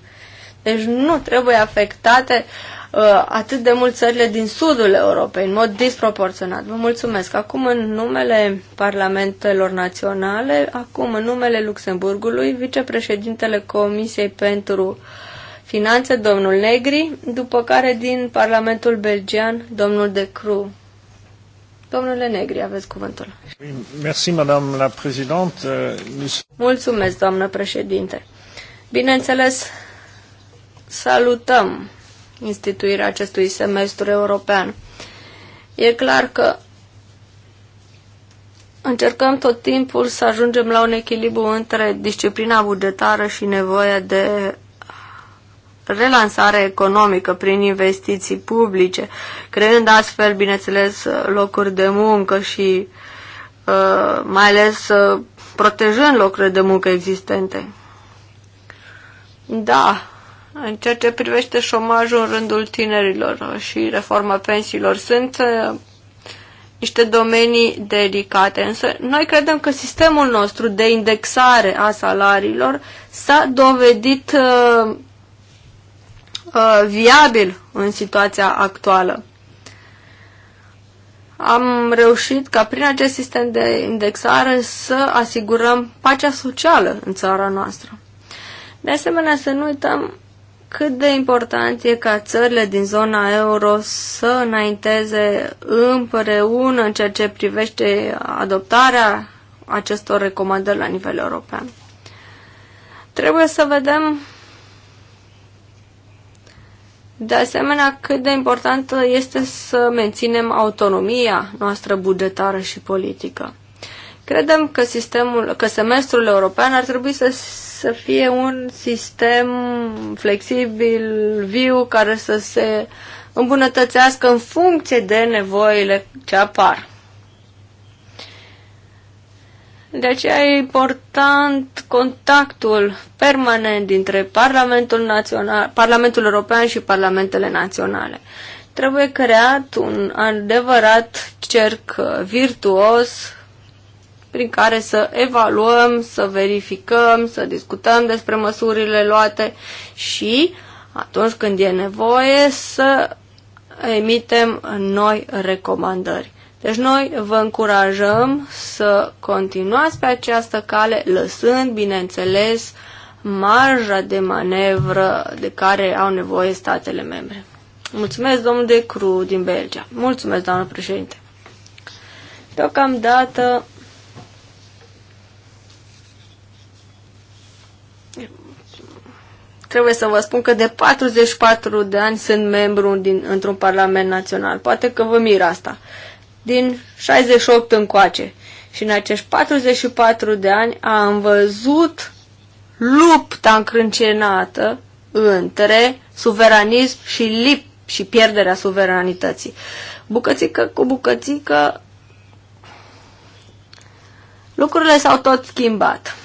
Deci nu trebuie afectate uh, atât de mult țările din sudul Europei, în mod disproporționat. Vă mulțumesc. Acum în numele parlamentelor naționale, acum în numele Luxemburgului, vicepreședintele Comisiei pentru Finanțe, domnul Negri, după care din Parlamentul Belgian, domnul De Cru. Domnule Negri, aveți cuvântul. Merci, la euh, Mulțumesc, doamnă președinte. Bineînțeles, salutăm instituirea acestui semestru european. E clar că încercăm tot timpul să ajungem la un echilibru între disciplina bugetară și nevoia de relansare economică prin investiții publice, creând astfel, bineînțeles, locuri de muncă și uh, mai ales uh, protejând locurile de muncă existente. Da, în ceea ce privește șomajul în rândul tinerilor și reforma pensiilor, sunt uh, niște domenii delicate. Însă noi credem că sistemul nostru de indexare a salariilor s-a dovedit uh, uh, viabil în situația actuală. Am reușit ca prin acest sistem de indexare să asigurăm pacea socială în țara noastră. De asemenea, să nu uităm cât de important e ca țările din zona euro să înainteze împreună în ceea ce privește adoptarea acestor recomandări la nivel european. Trebuie să vedem de asemenea, cât de important este să menținem autonomia noastră bugetară și politică. Credem că, sistemul, că semestrul european ar trebui să, să fie un sistem flexibil, viu, care să se îmbunătățească în funcție de nevoile ce apar. De aceea e important contactul permanent dintre Parlamentul, Național, Parlamentul European și Parlamentele Naționale. Trebuie creat un adevărat cerc virtuos prin care să evaluăm, să verificăm, să discutăm despre măsurile luate și, atunci când e nevoie, să emitem noi recomandări. Deci noi vă încurajăm să continuați pe această cale, lăsând, bineînțeles, marja de manevră de care au nevoie statele membre. Mulțumesc, domnul De Cru din Belgia. Mulțumesc, doamnă președinte. Deocamdată trebuie să vă spun că de 44 de ani sunt membru din, într-un parlament național. Poate că vă mir asta din 68 încoace. Și în acești 44 de ani am văzut lupta încrâncenată între suveranism și lip și pierderea suveranității. Bucățică cu bucățică lucrurile s-au tot schimbat.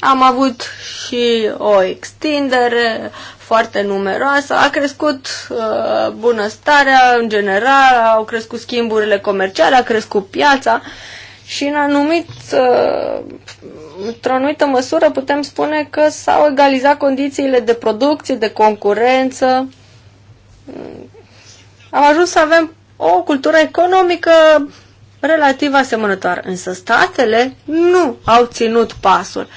Am avut și o extindere, foarte numeroasă, a crescut uh, bunăstarea în general, au crescut schimburile comerciale, a crescut piața și în anumit, uh, într-o anumită măsură putem spune că s-au egalizat condițiile de producție, de concurență. Mm. Am ajuns să avem o cultură economică relativ asemănătoare, însă statele nu au ținut pasul. Uh,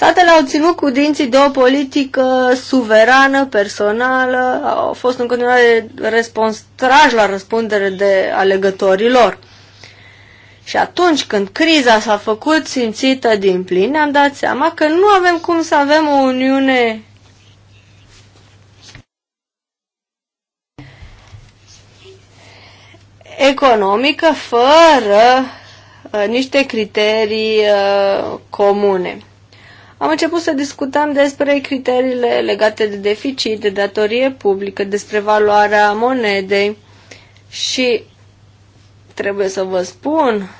Statele au ținut cu dinții de o politică suverană, personală, au fost în continuare respons, trași la răspundere de alegătorilor. Și atunci când criza s-a făcut simțită din plin, am dat seama că nu avem cum să avem o uniune economică fără uh, niște criterii uh, comune am început să discutăm despre criteriile legate de deficit, de datorie publică, despre valoarea monedei și trebuie să vă spun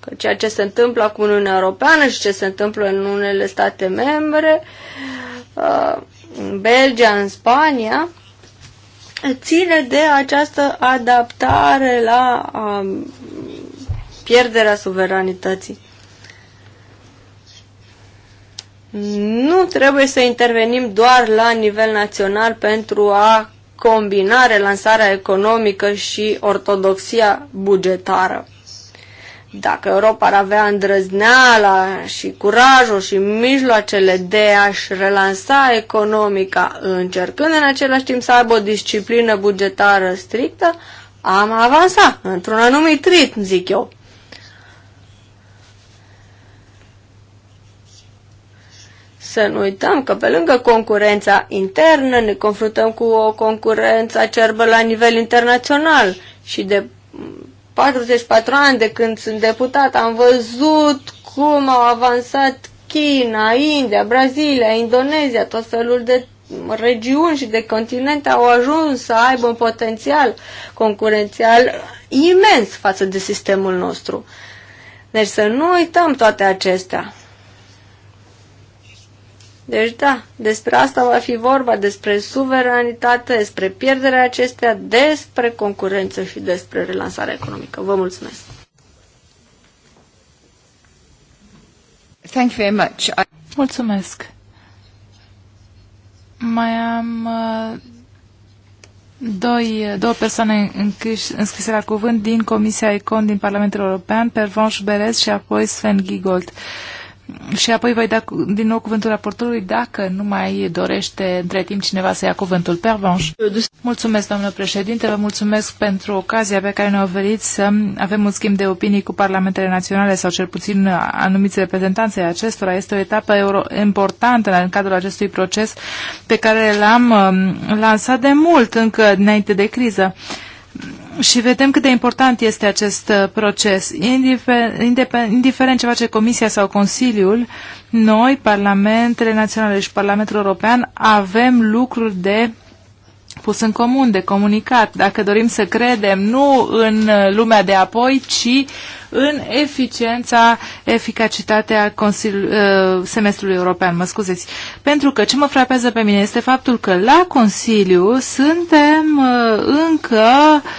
că ceea ce se întâmplă acum în Uniunea Europeană și ce se întâmplă în unele state membre, uh, în Belgia, în Spania, ține de această adaptare la um, pierderea suveranității. Nu trebuie să intervenim doar la nivel național pentru a combina relansarea economică și ortodoxia bugetară. Dacă Europa ar avea îndrăzneala și curajul și mijloacele de a-și relansa economica, încercând în același timp să aibă o disciplină bugetară strictă, am avansat într-un anumit ritm, zic eu. Să nu uităm că pe lângă concurența internă ne confruntăm cu o concurență acerbă la nivel internațional și de 44 ani de când sunt deputat am văzut cum au avansat China, India, Brazilia, Indonezia, tot felul de regiuni și de continente au ajuns să aibă un potențial concurențial imens față de sistemul nostru. Deci să nu uităm toate acestea. Deci da, despre asta va fi vorba, despre suveranitate, despre pierderea acestea, despre concurență și despre relansarea economică. Vă mulțumesc! Thank you very much. I... Mulțumesc! Mai am uh, doi, două persoane înscrise la cuvânt din Comisia Econ din Parlamentul European, Pervonș Berez și apoi Sven Gigold. Uh, și apoi voi da din nou cuvântul raportorului dacă nu mai dorește între timp cineva să ia cuvântul. Pervanș. Mulțumesc, domnule președinte, vă mulțumesc pentru ocazia pe care ne-a oferit să avem un schimb de opinii cu parlamentele naționale sau cel puțin anumiți reprezentanțe acestora. Este o etapă euro importantă în cadrul acestui proces pe care l-am um, lansat de mult, încă înainte de criză și vedem cât de important este acest uh, proces. Indiferent ce face Comisia sau Consiliul, noi, Parlamentele Naționale și Parlamentul European, avem lucruri de pus în comun, de comunicat, dacă dorim să credem nu în uh, lumea de apoi, ci în eficiența, eficacitatea uh, semestrului european, mă scuzeți. Pentru că ce mă frapează pe mine este faptul că la Consiliu suntem încă uh,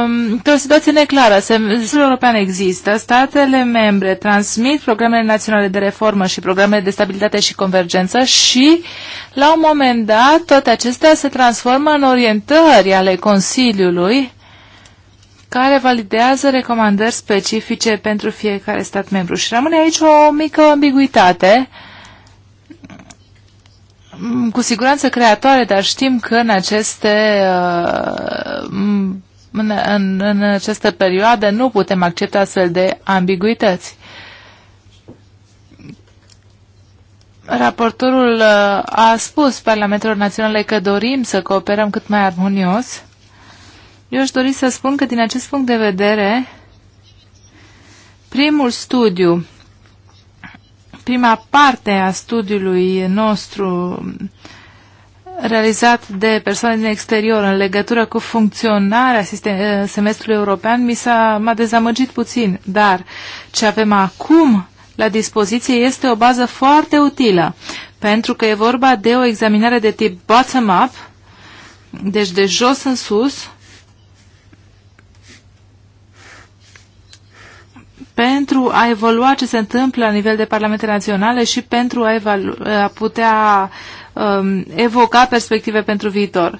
într ehm, o situație neclară. Semnul european există, statele membre transmit programele naționale de reformă și programele de stabilitate și convergență și, la un moment dat, toate acestea se transformă în orientări ale Consiliului care validează recomandări specifice pentru fiecare stat membru. Și rămâne aici o mică ambiguitate cu siguranță creatoare, dar știm că în aceste uh, în, în, în această perioadă nu putem accepta astfel de ambiguități. Raportorul uh, a spus Parlamentelor Naționale că dorim să cooperăm cât mai armonios. Eu aș dori să spun că din acest punct de vedere, primul studiu, prima parte a studiului nostru realizat de persoane din exterior în legătură cu funcționarea eh, semestrului european mi s-a, m-a dezamăgit puțin, dar ce avem acum la dispoziție este o bază foarte utilă, pentru că e vorba de o examinare de tip bottom-up, deci de jos în sus, pentru a evolua ce se întâmplă la nivel de parlamente naționale și pentru a, evalu- a putea uh, evoca perspective pentru viitor.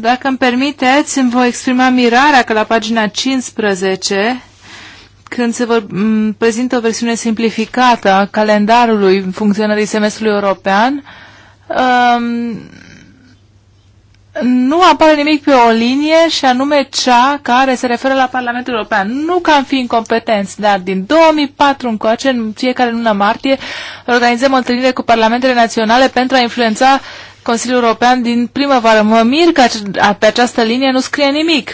Dacă îmi permiteți, îmi voi exprima mirarea că la pagina 15 când se vor prezintă o versiune simplificată a calendarului funcționării semestrului european, uh, nu apare nimic pe o linie și anume cea care se referă la Parlamentul European. Nu că am fi incompetenți, dar din 2004 încoace, în fiecare lună martie, organizăm o întâlnire cu Parlamentele Naționale pentru a influența Consiliul European din primăvară. Mă mir că pe această linie nu scrie nimic.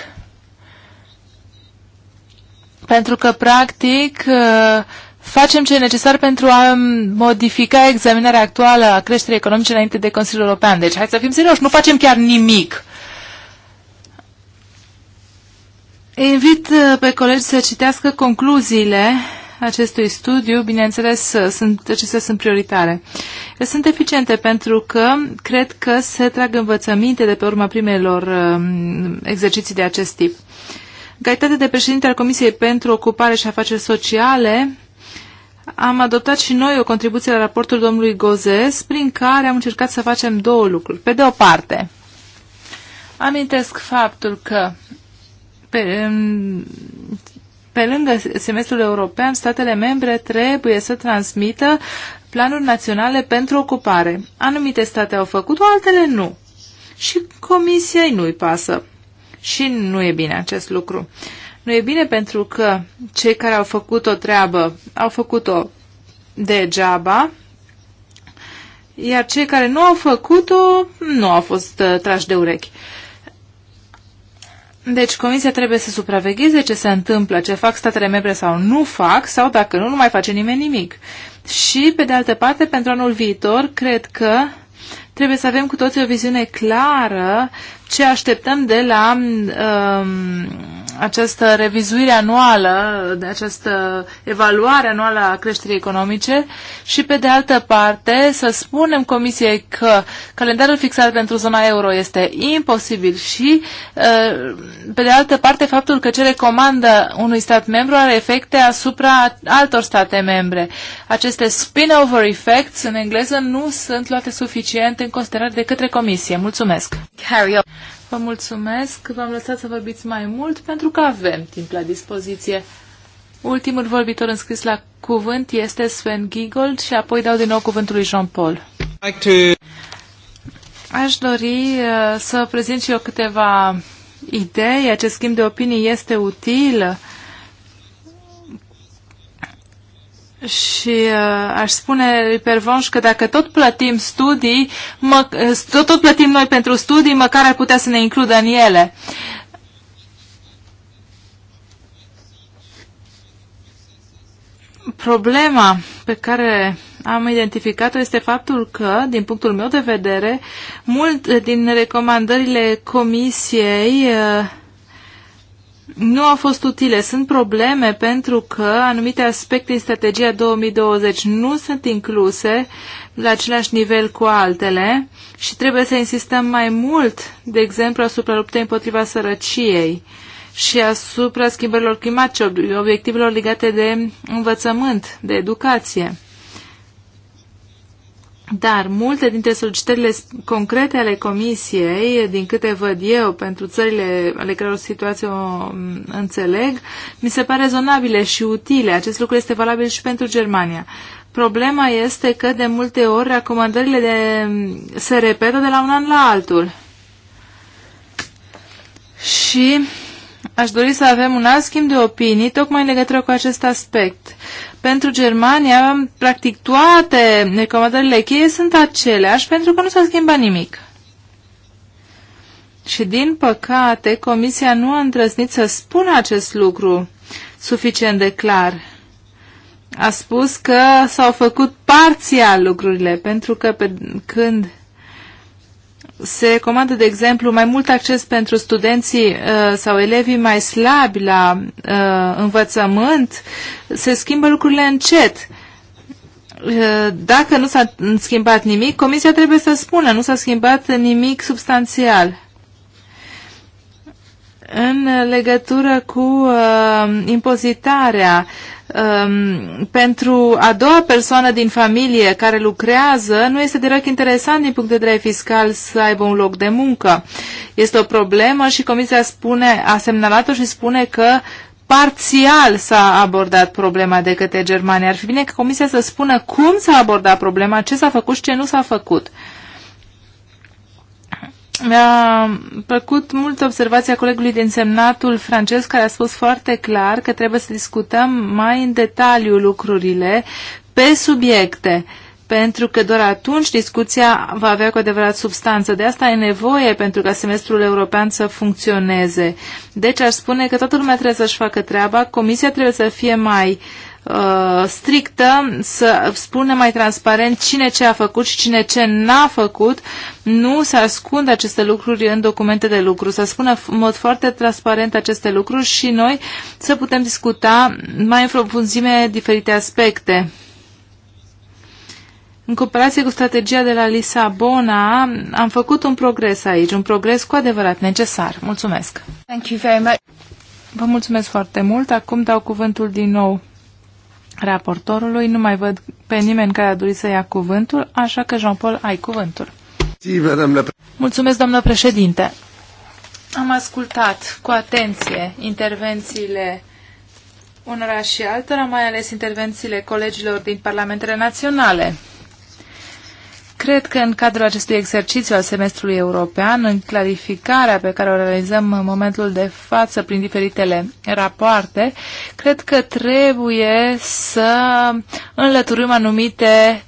Pentru că, practic, uh, facem ce e necesar pentru a um, modifica examinarea actuală a creșterii economice înainte de Consiliul European. Deci, hai să fim serioși, nu facem chiar nimic. Invit uh, pe colegi să citească concluziile acestui studiu, bineînțeles, uh, sunt, acestea sunt prioritare. sunt eficiente pentru că cred că se trag învățăminte de pe urma primelor um, exerciții de acest tip. Gaitate de președinte al Comisiei pentru Ocupare și Afaceri Sociale, am adoptat și noi o contribuție la raportul domnului Gozes, prin care am încercat să facem două lucruri. Pe de o parte, amintesc faptul că pe, pe lângă semestrul european, statele membre trebuie să transmită planuri naționale pentru ocupare. Anumite state au făcut-o, altele nu. Și comisiei nu-i pasă. Și nu e bine acest lucru. Uh, nu e bine pentru că cei care au făcut o treabă au făcut-o degeaba, iar cei care nu au făcut-o nu au fost uh, trași de urechi. Deci comisia trebuie să supravegheze ce se întâmplă, ce fac statele membre sau nu fac, sau dacă nu, nu mai face nimeni nimic. Și, pe de altă parte, pentru anul viitor, cred că trebuie să avem cu toții o viziune clară ce așteptăm de la um, această revizuire anuală, de această evaluare anuală a creșterii economice și, pe de altă parte, să spunem Comisiei că calendarul fixat pentru zona euro este imposibil și, uh, pe de altă parte, faptul că ce recomandă unui stat membru are efecte asupra altor state membre. Aceste spin-over effects, în engleză, nu sunt luate suficient în considerare de către Comisie. Mulțumesc! Carry Vă mulțumesc. V-am lăsat să vorbiți mai mult pentru că avem timp la dispoziție. Ultimul vorbitor înscris la cuvânt este Sven Giegold și apoi dau din nou cuvântul lui Jean-Paul. Aș dori uh, să prezint și eu câteva idei. Acest schimb de opinii este util Și uh, aș spune lui Pervonș că dacă tot plătim studii, mă, tot, tot plătim noi pentru studii, măcar ar putea să ne includă în ele. Problema pe care am identificat-o este faptul că, din punctul meu de vedere, mult din recomandările comisiei uh, nu au fost utile. Sunt probleme pentru că anumite aspecte din strategia 2020 nu sunt incluse la același nivel cu altele și trebuie să insistăm mai mult, de exemplu, asupra luptei împotriva sărăciei și asupra schimbărilor climatice, obiectivelor legate de învățământ, de educație. Dar multe dintre solicitările concrete ale Comisiei, din câte văd eu, pentru țările ale căror situație o înțeleg, mi se pare rezonabile și utile. Acest lucru este valabil și pentru Germania. Problema este că de multe ori recomandările de, se repetă de la un an la altul. Și aș dori să avem un alt schimb de opinii tocmai în legătură cu acest aspect. Pentru Germania, practic toate recomandările cheie sunt aceleași pentru că nu s-a schimbat nimic. Și din păcate, Comisia nu a îndrăznit să spună acest lucru suficient de clar. A spus că s-au făcut parțial lucrurile, pentru că pe, când se comandă, de exemplu, mai mult acces pentru studenții uh, sau elevii mai slabi la uh, învățământ, se schimbă lucrurile încet. Uh, dacă nu s-a schimbat nimic, comisia trebuie să spună, nu s-a schimbat nimic substanțial. În legătură cu uh, impozitarea, uh, um, pentru a doua persoană din familie care lucrează, nu este deloc interesant din punct de vedere fiscal să aibă un loc de muncă. Este o problemă și Comisia spune, a semnalat-o și spune că parțial s-a abordat problema de către Germania. Ar fi bine că Comisia să spună cum s-a abordat problema, ce s-a făcut și ce nu s-a făcut. Uh, mi-a plăcut mult observația colegului din semnatul francez care a spus foarte clar că trebuie să discutăm mai în detaliu lucrurile pe subiecte pentru că doar atunci discuția va avea cu adevărat substanță. De asta e nevoie pentru ca semestrul european să funcționeze. Deci aș spune că toată lumea trebuie să-și facă treaba, comisia trebuie să fie mai uh, uh, strictă, să spune mai transparent cine ce a făcut și cine ce n-a făcut, nu să ascundă aceste lucruri în documente de lucru, să spună în mod foarte transparent aceste lucruri și noi să putem discuta mai în profunzime diferite aspecte. În comparație cu strategia de la Lisabona, am făcut un progres aici, un progres cu adevărat necesar. Mulțumesc! Thank you very much. Vă mulțumesc foarte mult. Acum dau cuvântul din nou raportorului. Nu mai văd pe nimeni care a dorit să ia cuvântul, așa că, Jean-Paul, ai cuvântul. Mulțumesc, doamnă președinte. Am ascultat cu atenție intervențiile unora și altora, mai ales intervențiile colegilor din Parlamentele Naționale. Cred că în cadrul acestui exercițiu al semestrului european, în clarificarea pe care o realizăm în momentul de față prin diferitele rapoarte, cred că trebuie să înlăturăm anumite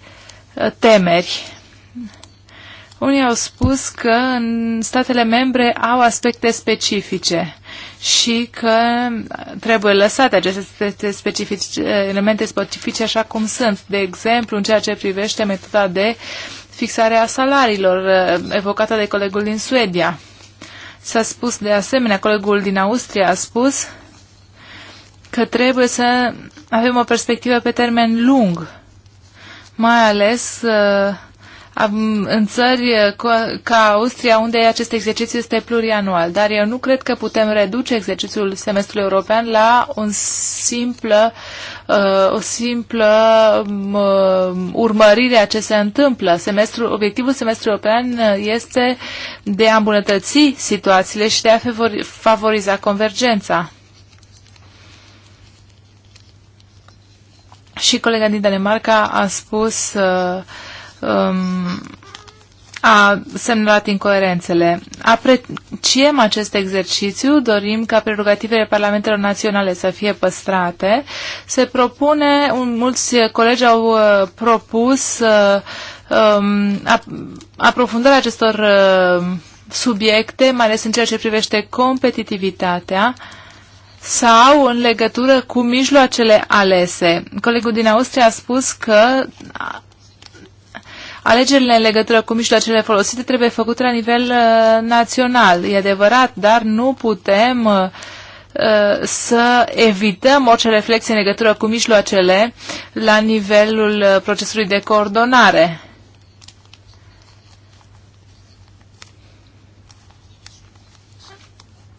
uh, temeri. Unii au spus că în statele membre au aspecte specifice și că trebuie lăsate aceste specifici, uh, elemente specifice așa cum sunt. De exemplu, în ceea ce privește metoda de fixarea salariilor uh, evocată de colegul din Suedia. S-a spus de asemenea, colegul din Austria a spus că trebuie să avem o perspectivă pe termen lung, mai ales uh, în țări eh, ca Austria, unde acest exercițiu este plurianual. Dar eu nu cred că putem reduce exercițiul semestrului european la un simplă, eh, o simplă mm, urmărire a ce se întâmplă. Semestrul, obiectivul semestrului european eh, este de a îmbunătăți situațiile și de a favoriza convergența. Și colega din Danemarca a spus uh, um, a semnalat incoerențele. Apreciem acest exercițiu, dorim ca prerogativele Parlamentelor Naționale să fie păstrate. Se propune, un, mulți colegi au uh, propus uh, um, ap aprofundarea acestor uh, subiecte, mai ales în ceea ce privește competitivitatea sau în legătură cu mijloacele alese. Colegul din Austria a spus că Alegerile în legătură cu mijloacele folosite trebuie făcute la nivel uh, național, e adevărat, dar nu putem uh, uh să evităm orice reflexie în legătură cu mijloacele la nivelul uh, procesului de coordonare.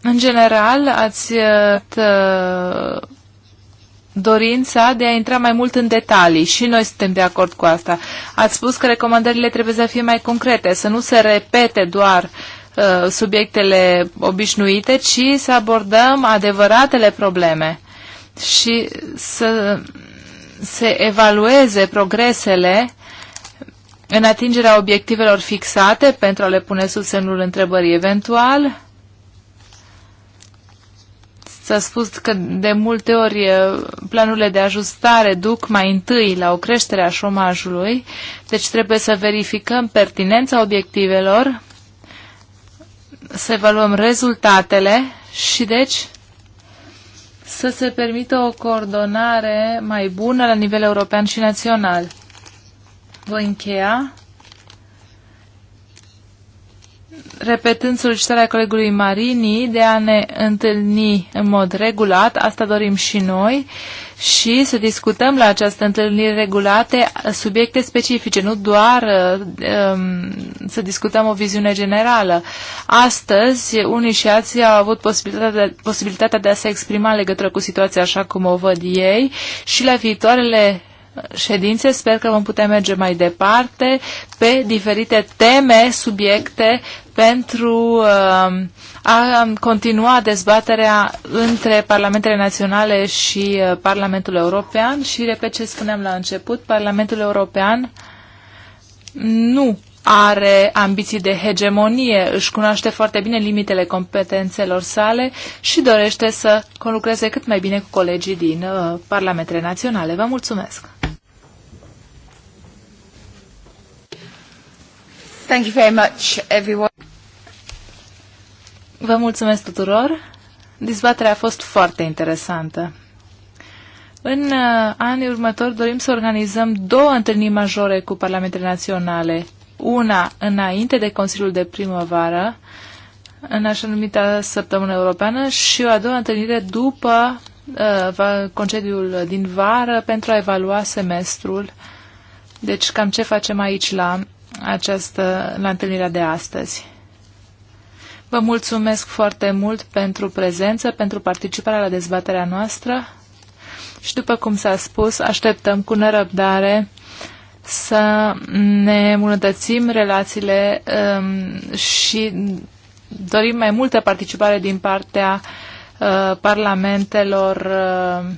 În general, ați uh, dorința de a intra mai mult în detalii și noi suntem de acord cu asta. Ați spus că recomandările trebuie să fie mai concrete, să nu se repete doar uh, subiectele obișnuite, ci să abordăm adevăratele probleme și să se evalueze progresele în atingerea obiectivelor fixate pentru a le pune sub semnul întrebării eventual S-a spus că de multe ori planurile de ajustare duc mai întâi la o creștere a șomajului, deci trebuie să verificăm pertinența obiectivelor, să evaluăm rezultatele și deci să se permită o coordonare mai bună la nivel european și național. Voi încheia repetând solicitarea colegului Marini de a ne întâlni în mod regulat, asta dorim și noi, și să discutăm la această întâlnire regulate subiecte specifice, nu doar um, să discutăm o viziune generală. Astăzi, unii și alții au avut posibilitatea de, posibilitatea de a se exprima legătură cu situația așa cum o văd ei și la viitoarele ședințe. Sper că vom putea merge mai departe pe diferite teme, subiecte pentru um, a continua dezbaterea între Parlamentele Naționale și uh, Parlamentul European și repet ce spuneam la început, Parlamentul European nu are ambiții de hegemonie, își cunoaște foarte bine limitele competențelor sale și dorește să conlucreze cât mai bine cu colegii din uh, parlamentele naționale. Vă mulțumesc! Thank you very much, everyone. Vă mulțumesc tuturor! Dezbaterea a fost foarte interesantă. În uh, anii următori dorim să organizăm două întâlniri majore cu parlamentele naționale una înainte de Consiliul de primăvară, în așa numită săptămână europeană și o a doua întâlnire după uh, concediul din vară pentru a evalua semestrul. Deci cam ce facem aici la, această, la întâlnirea de astăzi. Vă mulțumesc foarte mult pentru prezență, pentru participarea la dezbaterea noastră și după cum s-a spus, așteptăm cu nerăbdare să ne îmbunătățim relațiile um, și dorim mai multă participare din partea uh, parlamentelor uh,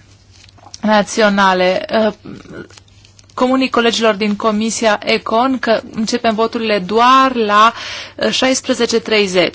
naționale. Uh, comunic colegilor din Comisia Econ că începem voturile doar la 16.30. Uh,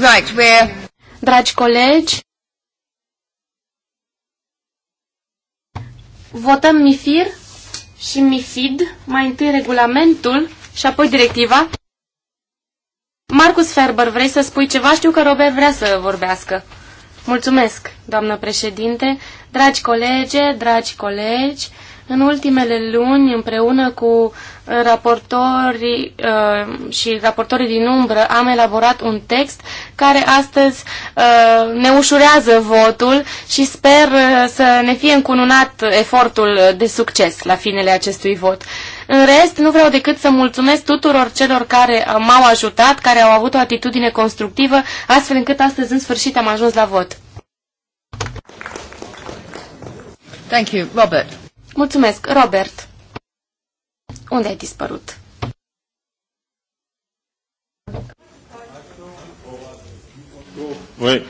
Right, we're... Dragi colegi, votăm MIFIR și MIFID, mai întâi regulamentul și apoi directiva. Marcus Ferber, vrei să spui ceva? Știu că Robert vrea să vorbească. Mulțumesc, doamnă președinte, dragi colege, dragi colegi, în ultimele luni, împreună cu raportorii uh, și raportorii din umbră, am elaborat un text care astăzi uh, ne ușurează votul și sper uh, să ne fie încununat efortul de succes la finele acestui vot. În rest, nu vreau decât să mulțumesc tuturor celor care uh, m-au ajutat, care au avut o atitudine constructivă, astfel încât astăzi, în sfârșit, am ajuns la vot. Thank you. Robert. Mulțumesc, Robert. Unde ai dispărut? Oui.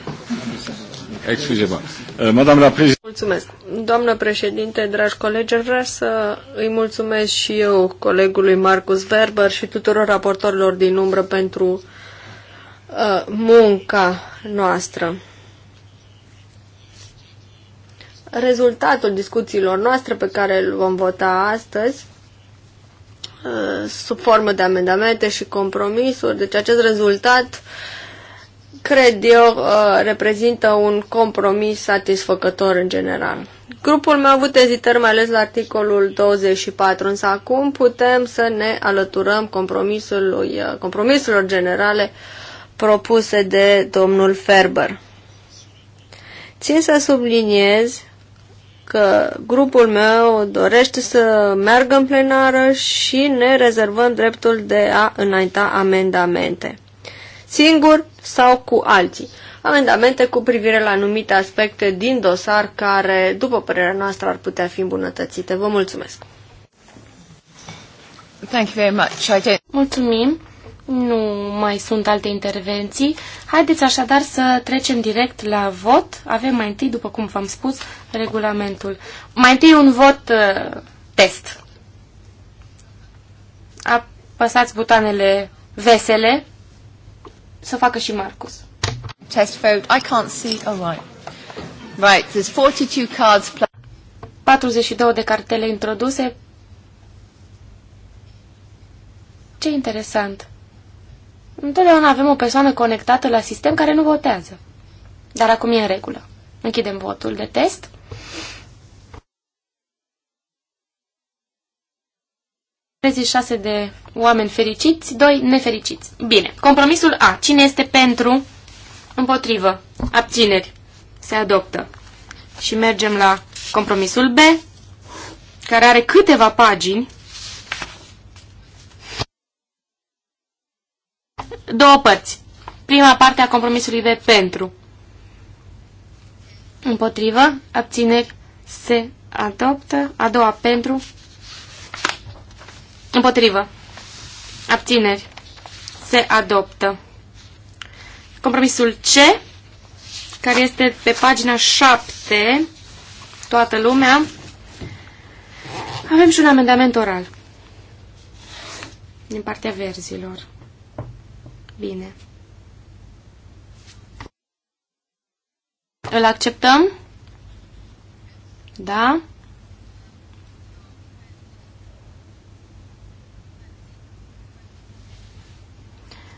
Excusez-mă. Euh, madame la președinte. Mulțumesc. Doamnă președinte, dragi colegi, vreau să îi mulțumesc și eu colegului Marcus Verber și tuturor raportorilor din umbră pentru uh, munca noastră rezultatul discuțiilor noastre pe care îl vom vota astăzi uh, sub formă de amendamente și compromisuri. Deci acest rezultat cred eu uh, reprezintă un compromis satisfăcător în general. Grupul meu a avut ezitări mai ales la articolul 24, însă acum putem să ne alăturăm compromisului, uh, compromisurilor generale propuse de domnul Ferber. Țin să subliniez că grupul meu dorește să meargă în plenară și ne rezervăm dreptul de a înainta amendamente. Singur sau cu alții. Amendamente cu privire la anumite aspecte din dosar care, după părerea noastră, ar putea fi îmbunătățite. Vă mulțumesc! Thank you very much. I Mulțumim! Nu mai sunt alte intervenții. Haideți așadar să trecem direct la vot. Avem mai întâi, după cum v-am spus, regulamentul. Mai întâi un vot uh, test. Apăsați butoanele vesele să facă și Marcus. Test vote. I can't see. Oh, right. Right, there's 42 cards plus... 42 de cartele introduse. Ce interesant. Întotdeauna avem o persoană conectată la sistem care nu votează. Dar acum e în regulă. Închidem votul de test. șase de oameni fericiți, doi nefericiți. Bine, compromisul A. Cine este pentru? Împotrivă. Abțineri. Se adoptă. Și mergem la compromisul B, care are câteva pagini două părți. Prima parte a compromisului de pentru. Împotrivă, abține, se adoptă. A doua pentru. Împotrivă, abțineri, se adoptă. Compromisul C, care este pe pagina 7, toată lumea, avem și un amendament oral din partea verzilor. Bine. Îl acceptăm? Da?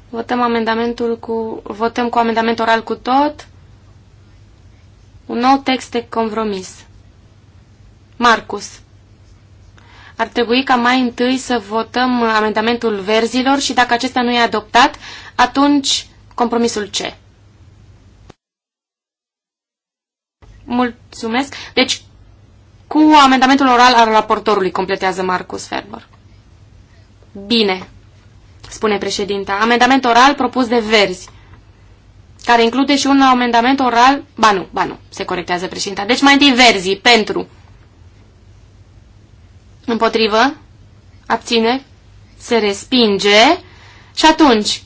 Votăm amendamentul cu... Votăm cu amendament oral cu tot. Un nou text de compromis. Marcus ar trebui ca mai întâi să votăm amendamentul verzilor și dacă acesta nu e adoptat, atunci compromisul C. Mulțumesc. Deci, cu amendamentul oral al raportorului, completează Marcus Ferber. Bine, spune președinta. Amendament oral propus de verzi, care include și un amendament oral... Ba nu, ba nu, se corectează președinta. Deci mai întâi verzii, pentru... Împotrivă? Abține? Se respinge. Și atunci,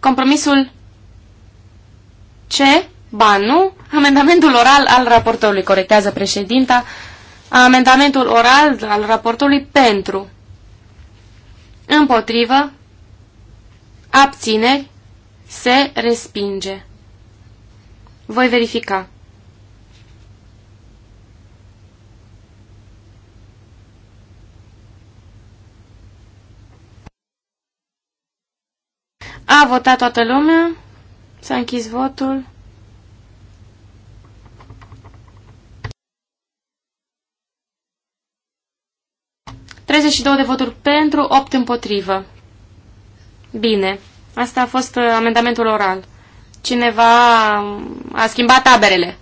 compromisul ce? Ba nu. Amendamentul oral al raportorului, corectează președinta, amendamentul oral al raportorului pentru. Împotrivă? Abține? Se respinge. Voi verifica. A votat toată lumea. S-a închis votul. de voturi pentru, 8 împotrivă. Bine. Asta a fost uh, amendamentul oral. Cineva a schimbat taberele.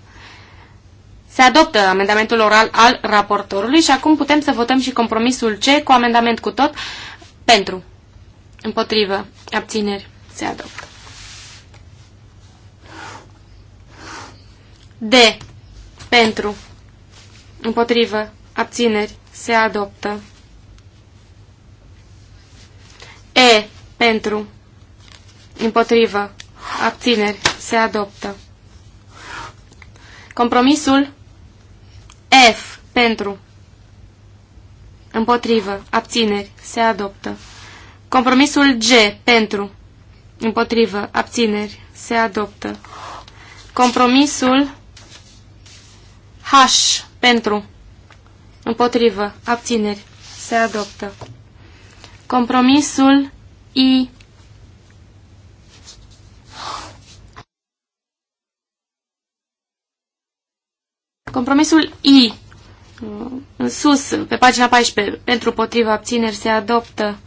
Se adoptă amendamentul oral al raportorului și acum putem să votăm și compromisul C cu amendament cu tot pentru. Împotrivă. Abțineri ți adoptă. D. Pentru. Împotrivă. Abțineri. Se adoptă. E. Pentru. Împotrivă. Abțineri. Se adoptă. Compromisul F. Pentru. Împotrivă. Abțineri. Se adoptă. Compromisul G. Pentru. Împotrivă. Abțineri. Se adoptă. Compromisul H. Pentru. Împotrivă. Abțineri. Se adoptă. Compromisul I. Compromisul I. În sus, pe pagina 14, pentru potriva abțineri se adoptă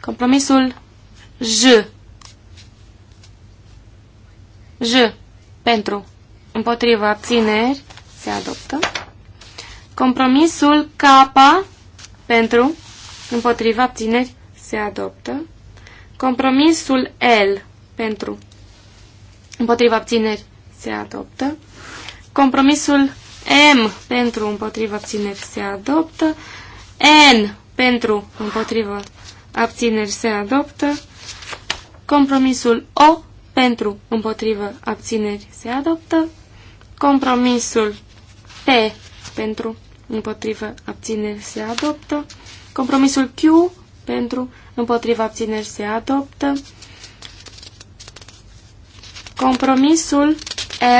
compromisul J J. Pentru. Împotriva abțineri se adoptă. Compromisul K. Pentru. Împotriva abțineri se adoptă. Compromisul L. Pentru. Împotriva abțineri se adoptă. Compromisul M pentru împotriva abțineri se adoptă. N pentru împotriva abțineri se adoptă. Compromisul O pentru, împotrivă, abțineri se adoptă. Compromisul P pentru, împotrivă, abțineri se adoptă. Compromisul Q pentru, împotrivă, abțineri se adoptă. Compromisul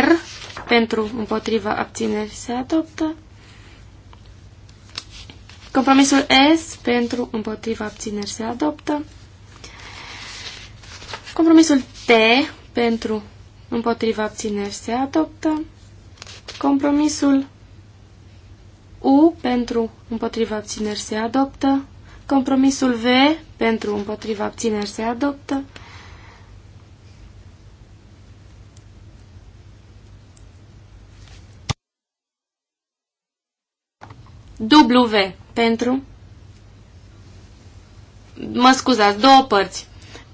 R pentru, împotrivă, abțineri se adoptă. Compromisul S pentru, împotrivă, abțineri se adoptă. Compromisul T pentru împotriva abțineri se adoptă. Compromisul U pentru împotriva abțineri se adoptă. Compromisul V pentru împotriva abțineri se adoptă. W pentru mă scuzați, două părți.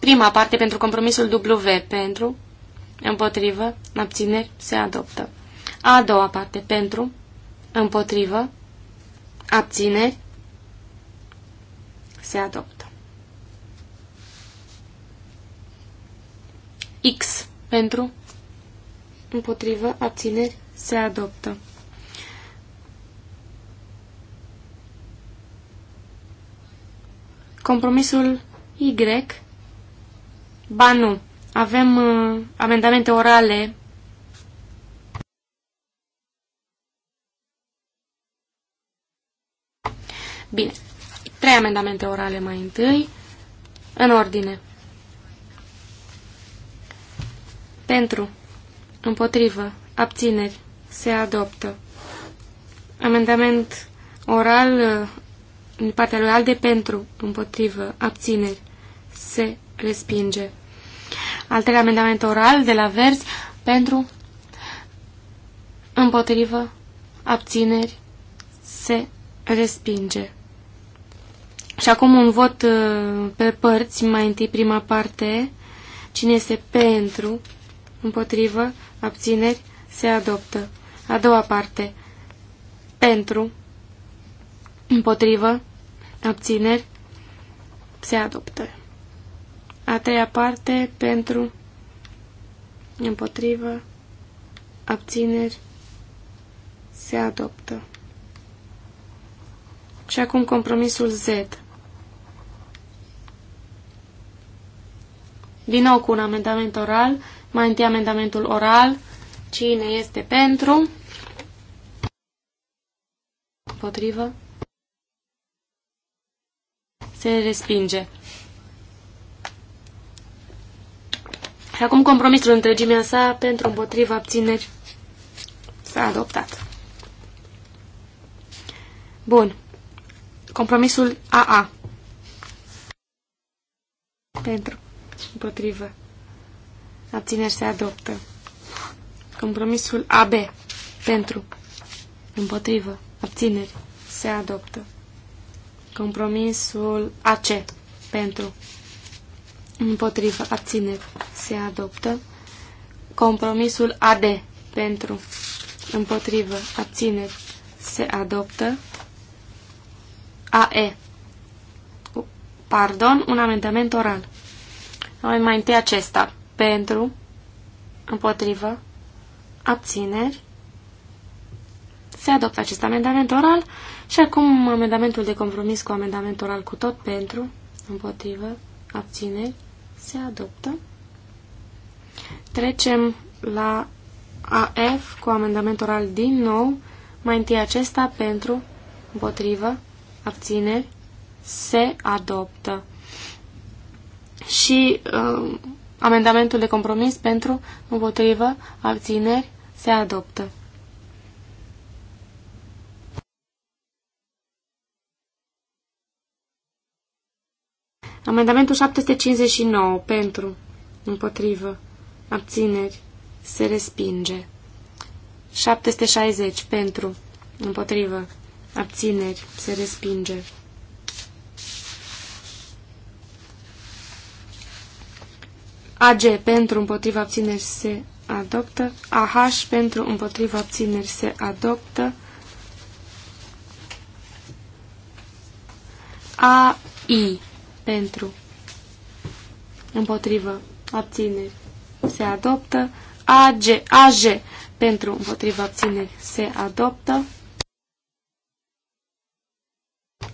Prima parte pentru compromisul W, pentru, împotrivă, abțineri, se adoptă. A doua parte, pentru, împotrivă, abțineri, se adoptă. X, pentru, împotrivă, abțineri, se adoptă. Compromisul Y Ba nu, avem uh, amendamente orale. Bine, trei amendamente orale mai întâi, în ordine. Pentru, împotrivă, abțineri, se adoptă. Amendament oral uh, din partea lui Alde pentru, împotrivă, abțineri, se respinge. Al treilea amendament oral de la vers pentru împotrivă abțineri se respinge. Și acum un vot uh, pe părți, mai întâi prima parte, cine este pentru, împotrivă, abțineri, se adoptă. A doua parte, pentru, împotrivă, abțineri, se adoptă. A treia parte pentru împotrivă abțineri se adoptă. Și acum compromisul Z. Din nou cu un amendament oral. Mai întâi amendamentul oral. Cine este pentru? Potrivă? Se respinge. Și acum compromisul întregimea sa pentru împotriva abțineri s-a adoptat. Bun. Compromisul AA. Pentru. Împotrivă. Abțineri se adoptă. Compromisul AB. Pentru. Împotrivă. Abțineri se adoptă. Compromisul AC. Pentru. Împotrivă. Abțineri. Se adoptă. Compromisul AD. Pentru. Împotrivă. Abțineri. Se adoptă. AE. Pardon, un amendament oral. Noi mai întâi acesta. Pentru. Împotrivă. Abțineri. Se adoptă acest amendament oral și acum amendamentul de compromis cu amendament oral cu tot pentru, împotrivă, abțineri, se adoptă. Trecem la AF cu amendament oral din nou. Mai întâi acesta pentru, împotrivă, abțineri, se adoptă. Și uh, amendamentul de compromis pentru, împotrivă, abțineri, se adoptă. Amendamentul 759. Pentru. Împotrivă. Abțineri. Se respinge. 760. Pentru. Împotrivă. Abțineri. Se respinge. AG. Pentru. Împotrivă. Abțineri. Se adoptă. AH. Pentru. Împotrivă. Abțineri. Se adoptă. AI pentru, împotrivă, abțineri, se adoptă. AG, AG, pentru, împotrivă, abțineri, se adoptă.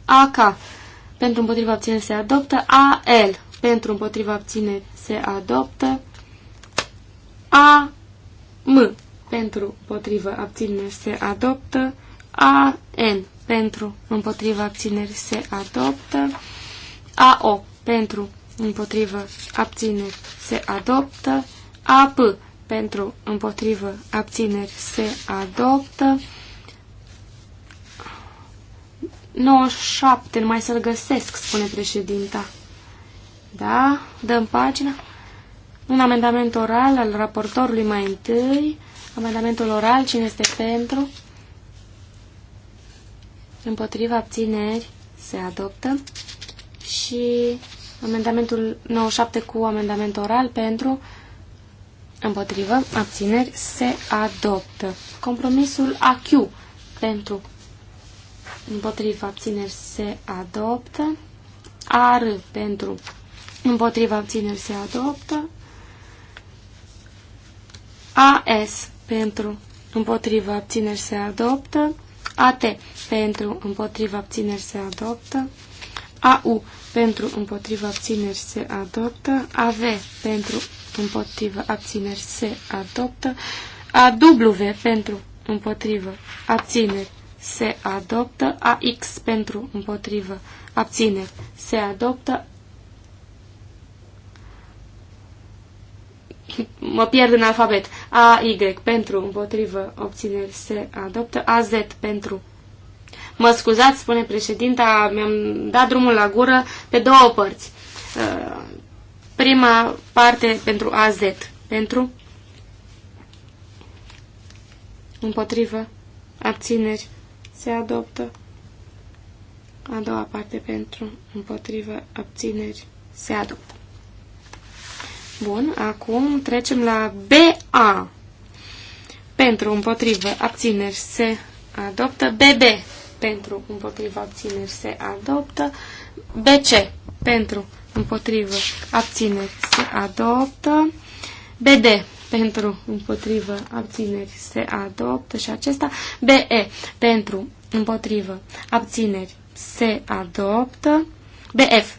AK, pentru, împotrivă, abțineri, se adoptă. AL, pentru, împotrivă, abțineri, se adoptă. AM, pentru, împotrivă, abțineri, se adoptă. AN, pentru, împotrivă, abțineri se adoptă, AO pentru împotrivă abțineri se adoptă, AP pentru împotrivă abțineri se adoptă, 97, mai să-l găsesc, spune președinta. Da, dăm pagina. Un amendament oral al raportorului mai întâi. Amendamentul oral, cine este pentru? Împotriva abțineri se adoptă și amendamentul 97 cu amendament oral pentru împotrivă abțineri se adoptă. Compromisul AQ pentru împotrivă abțineri se adoptă. AR pentru împotrivă abțineri se adoptă. AS pentru împotrivă abțineri se adoptă. AT pentru împotrivă abțineri se adoptă. AU pentru împotriva abțineri se adoptă, AV pentru împotriva abțineri se adoptă, AW pentru împotriva abțineri se adoptă, AX pentru împotriva abțineri se adoptă, mă pierd în alfabet, AY pentru împotrivă obțineri se adoptă, AZ pentru Mă scuzați, spune președinta, mi-am dat drumul la gură pe două părți. Uh, prima parte pentru AZ. Pentru? Împotrivă. Abțineri. Se adoptă. A doua parte pentru. Împotrivă. Abțineri. Se adoptă. Bun, acum trecem la BA. Pentru, împotrivă, abțineri se adoptă BB pentru, împotriva, abțineri, se adoptă. BC, pentru, împotrivă, abțineri, se adoptă. BD, pentru, împotrivă, abțineri, se adoptă și acesta. BE, pentru, împotrivă, abțineri, se adoptă. BF,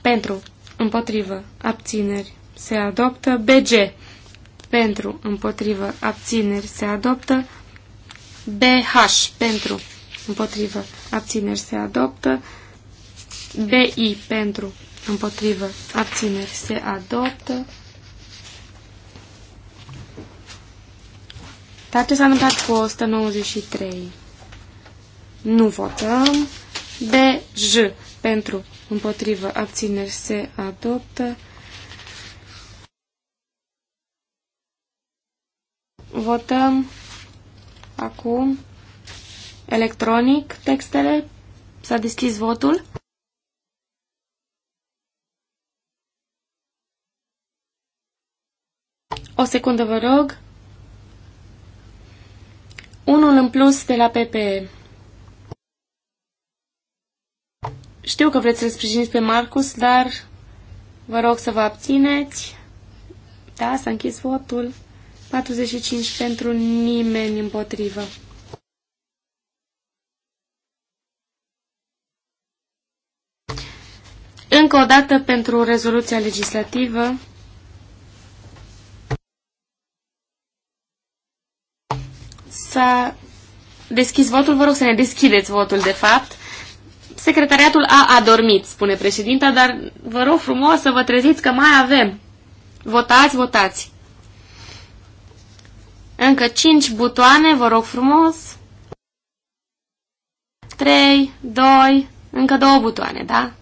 pentru, împotrivă, abțineri, se adoptă. BG, pentru, împotrivă, abțineri, se adoptă. BH, pentru, împotrivă, abțineri se adoptă. BI pentru, împotrivă, abțineri se adoptă. Dar ce s-a întâmplat cu 193? Nu votăm. BJ pentru, împotrivă, abțineri se adoptă. Votăm acum electronic textele. S-a deschis votul. O secundă, vă rog. Unul în plus de la PPE. Știu că vreți să-l sprijiniți pe Marcus, dar vă rog să vă abțineți. Da, s-a închis votul. 45 pentru nimeni împotrivă. Încă o dată pentru rezoluția legislativă. S-a deschis votul, vă rog să ne deschideți votul de fapt. Secretariatul a adormit, spune președinta, dar vă rog frumos să vă treziți că mai avem. Votați, votați. Încă 5 butoane, vă rog frumos. 3, 2, încă două butoane, da?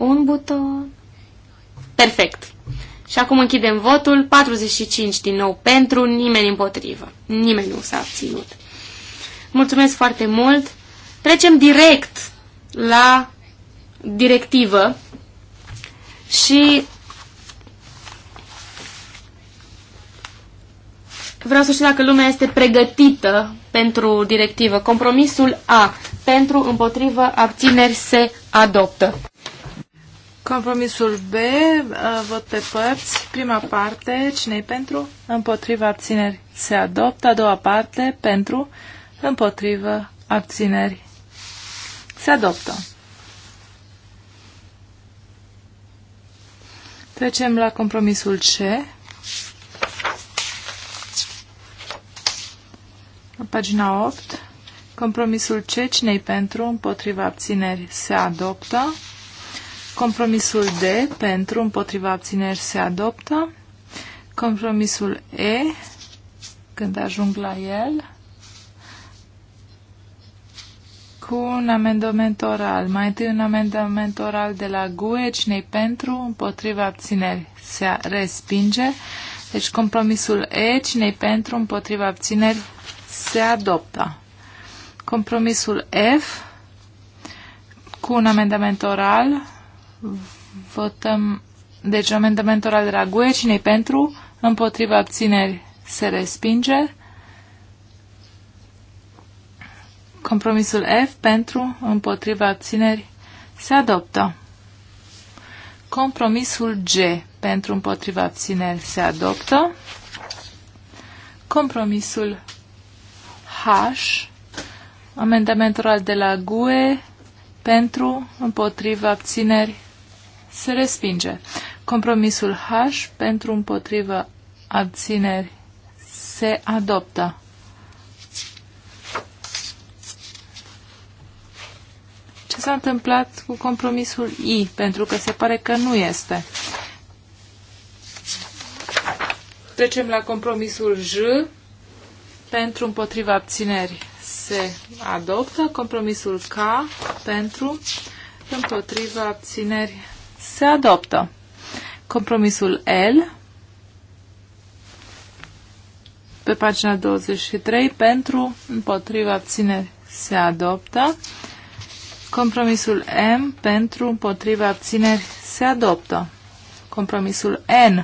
Un buton. Perfect. Și acum închidem votul. 45 din nou pentru, nimeni împotrivă. Nimeni nu s-a abținut. Mulțumesc foarte mult. Trecem direct la directivă și vreau să știu dacă lumea este pregătită pentru directivă. Compromisul A. Pentru, împotrivă, abțineri se adoptă. Compromisul B, uh, vot pe părți. Prima parte, cine pentru? Împotriva abțineri se adoptă. A doua parte, pentru? Împotriva abțineri se adoptă. Trecem la compromisul C. Pagina 8. Compromisul C, cine pentru? Împotriva abțineri se adoptă. Compromisul D pentru împotriva abțineri se adoptă. Compromisul E când ajung la el cu un amendament oral. Mai întâi un amendament oral de la GUE, cine pentru, împotriva abțineri se respinge. Deci compromisul E, cine pentru, împotriva abțineri se adoptă. Compromisul F cu un amendament oral Votăm, deci, amendamentul al de la cine pentru? Împotriva abțineri se respinge. Compromisul F pentru, împotriva abțineri se adoptă. Compromisul G pentru împotriva abțineri se adoptă. Compromisul H, amendamentul al de la GUE pentru împotriva abțineri se respinge. Compromisul H pentru împotrivă abțineri se adoptă. Ce s-a întâmplat cu compromisul I? Pentru că se pare că nu este. Trecem la compromisul J. Pentru împotriva abțineri se adoptă. Compromisul K pentru împotriva abțineri se adoptă. Compromisul L pe pagina 23 pentru împotriva abțineri se adoptă. Compromisul M pentru împotriva abțineri se adoptă. Compromisul N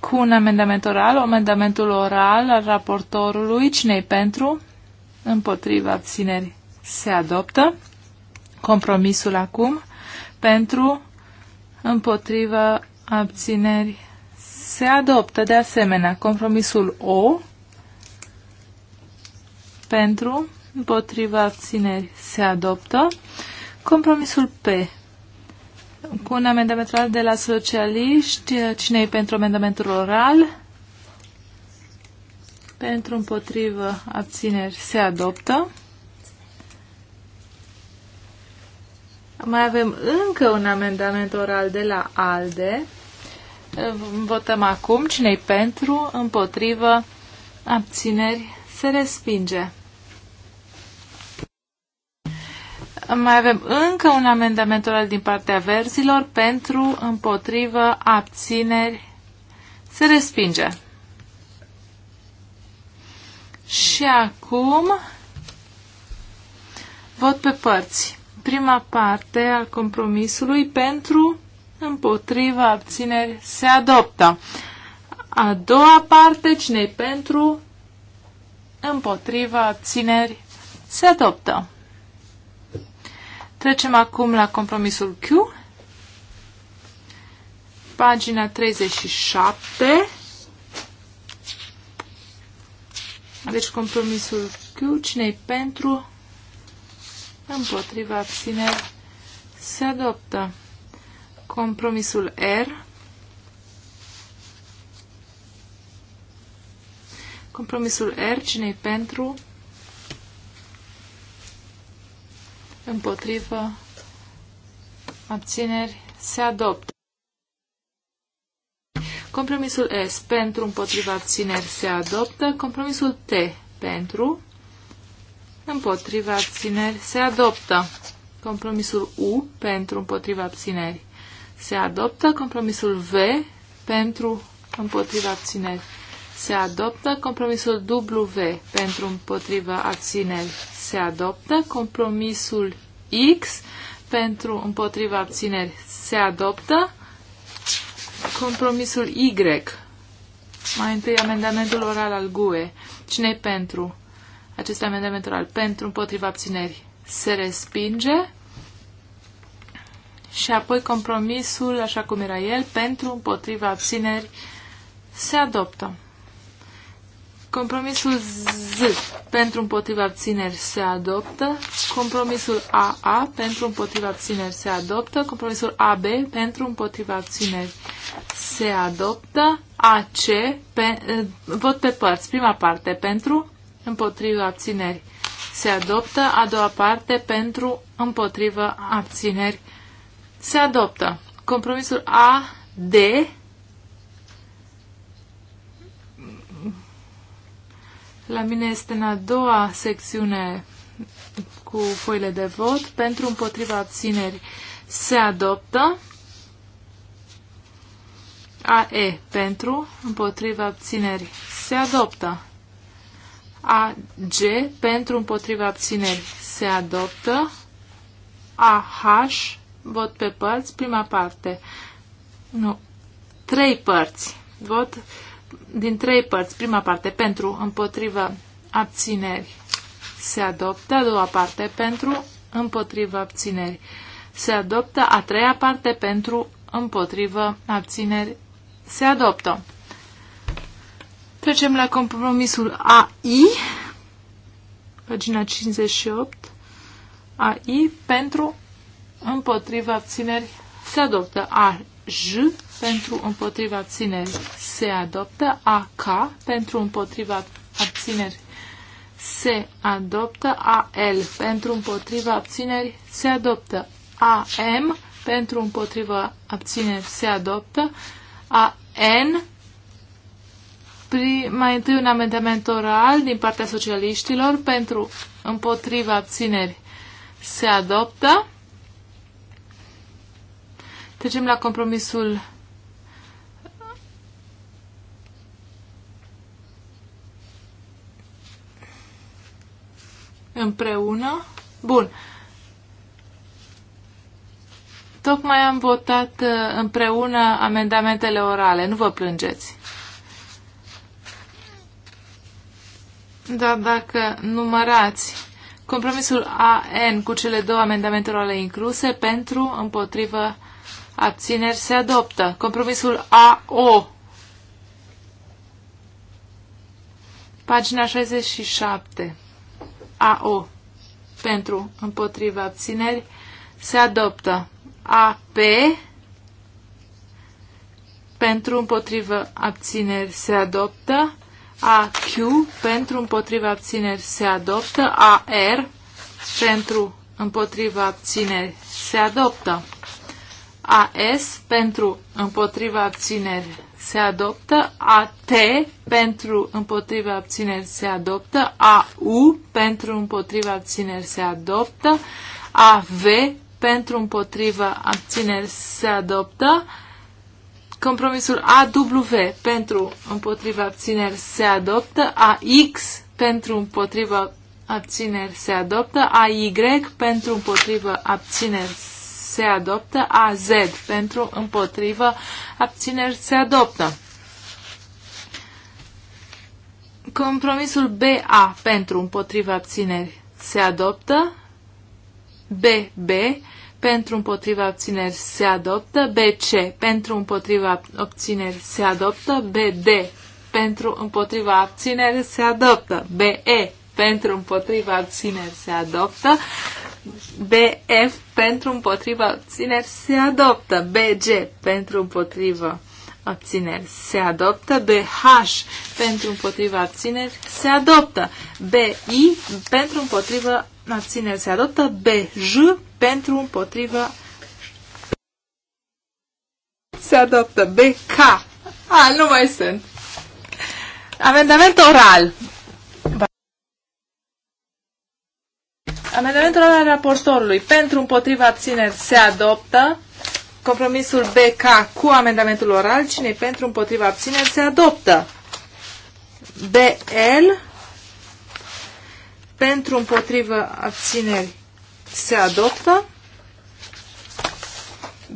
cu un amendament oral, amendamentul oral al raportorului, cine pentru, împotriva abțineri se adoptă. Compromisul acum pentru împotriva abțineri se adoptă de asemenea compromisul O pentru împotriva abțineri se adoptă compromisul P cu un amendament oral de la socialiști cine e pentru amendamentul oral pentru împotrivă abțineri se adoptă Mai avem încă un amendament oral de la ALDE. Votăm acum cine-i pentru, împotrivă, abțineri, se respinge. Mai avem încă un amendament oral din partea verzilor pentru, împotrivă, abțineri, se respinge. Și acum vot pe părți prima parte al compromisului pentru, împotriva, abțineri, se adoptă. A doua parte, cine pentru, împotriva, abțineri, se adoptă. Trecem acum la compromisul Q. Pagina 37. Deci compromisul Q, cine pentru, împotriva abțineri se adoptă. Compromisul R. Compromisul R, cine pentru? împotriva Abțineri. Se adoptă. Compromisul S. Pentru, împotriva, abțineri. Se adoptă. Compromisul T. Pentru împotriva abțineri se adoptă. Compromisul U pentru împotriva abțineri se adoptă. Compromisul V pentru împotriva abțineri se adoptă. Compromisul W pentru împotriva abțineri se adoptă. Compromisul X pentru împotriva abțineri se adoptă. Compromisul Y. Mai întâi amendamentul oral al GUE. cine pentru? acest amendament oral pentru, împotriva abțineri se respinge. Și apoi compromisul, așa cum era el, pentru, împotriva abțineri se adoptă. Compromisul Z pentru împotriva abțineri se adoptă. Compromisul AA pentru împotriva abțineri se adoptă. Compromisul AB pentru împotriva abțineri se adoptă. AC pe, eh, vot pe părți. Prima parte pentru împotriva abțineri se adoptă. A doua parte pentru împotriva abțineri se adoptă. Compromisul A, D, La mine este în a doua secțiune cu foile de vot. Pentru împotriva abțineri se adoptă. a e pentru împotriva abțineri se adoptă. A G pentru împotriva abțineri se adoptă. A H vot pe părți, prima parte. Nu. Trei părți. Vot din trei părți. Prima parte pentru împotriva abțineri se adoptă. A doua parte pentru împotriva abțineri se adoptă. A treia parte pentru împotriva abțineri se adoptă. Trecem la compromisul AI, pagina 58, AI pentru împotriva abțineri se adoptă AJ pentru împotriva abțineri se adoptă AK pentru împotriva abțineri se adoptă AL pentru împotriva abțineri se adoptă AM pentru împotriva abțineri se adoptă AN prim, mai întâi un amendament oral din partea socialiștilor pentru împotriva abțineri se adoptă. Trecem la compromisul împreună. Bun. Tocmai am votat uh, împreună amendamentele orale. Nu vă plângeți. Dar dacă numărați compromisul AN cu cele două amendamentelor incluse, pentru, împotrivă, abțineri, se adoptă. Compromisul AO Pagina 67. AO. Pentru împotriva abțineri se adoptă AP. Pentru împotriva abțineri se adoptă AQ pentru împotriva abțineri se adoptă, AR pentru împotriva abțineri se adoptă, AS pentru împotriva abțineri se adoptă, AT pentru împotriva abțineri se adoptă, AU pentru împotriva abțineri se adoptă, AV pentru împotriva abțineri se adoptă, Compromisul AW pentru împotriva abțineri se adoptă, AX pentru împotriva abțineri se adoptă, AY pentru împotriva abțineri se adoptă, AZ pentru împotriva abțineri se adoptă. Compromisul BA pentru împotriva abțineri se adoptă, BB pentru împotriva abțineri se adoptă, BC pentru împotriva abțineri se adoptă, BD pentru împotriva abțineri se adoptă, BE pentru împotriva abțineri se adoptă, BF pentru împotriva abțineri se adoptă, BG pentru împotriva abțineri se adoptă, BH pentru împotriva abțineri se adoptă, BI pentru împotriva abțineri se adoptă, BJ pentru împotriva se adoptă, BK. A, nu mai sunt. Amendament oral. Amendamentul al raportorului pentru împotriva abțineri se adoptă. Compromisul BK cu amendamentul oral, cine pentru, împotriva, abțineri, se adoptă. BL pentru, împotriva, abțineri, se adoptă.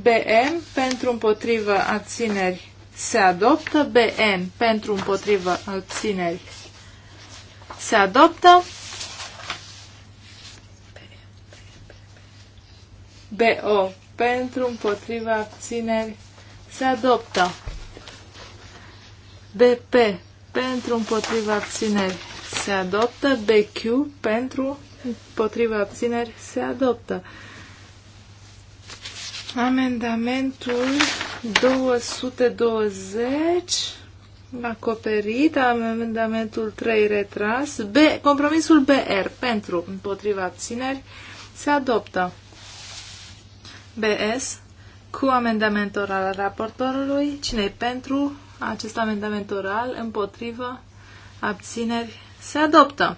BM pentru, împotriva, abțineri, se adoptă. BN pentru, împotriva, abțineri, se adoptă. BO pentru, împotriva, abțineri, se adoptă. BP, pentru, împotriva, abțineri, se adoptă. BQ, pentru, împotriva, abțineri, se adoptă. Amendamentul 220 acoperit, amendamentul 3 retras, B, compromisul BR pentru împotriva abțineri se adoptă. BS cu amendament oral al raportorului. cine pentru acest amendament oral? Împotrivă? Abțineri? Se adoptă.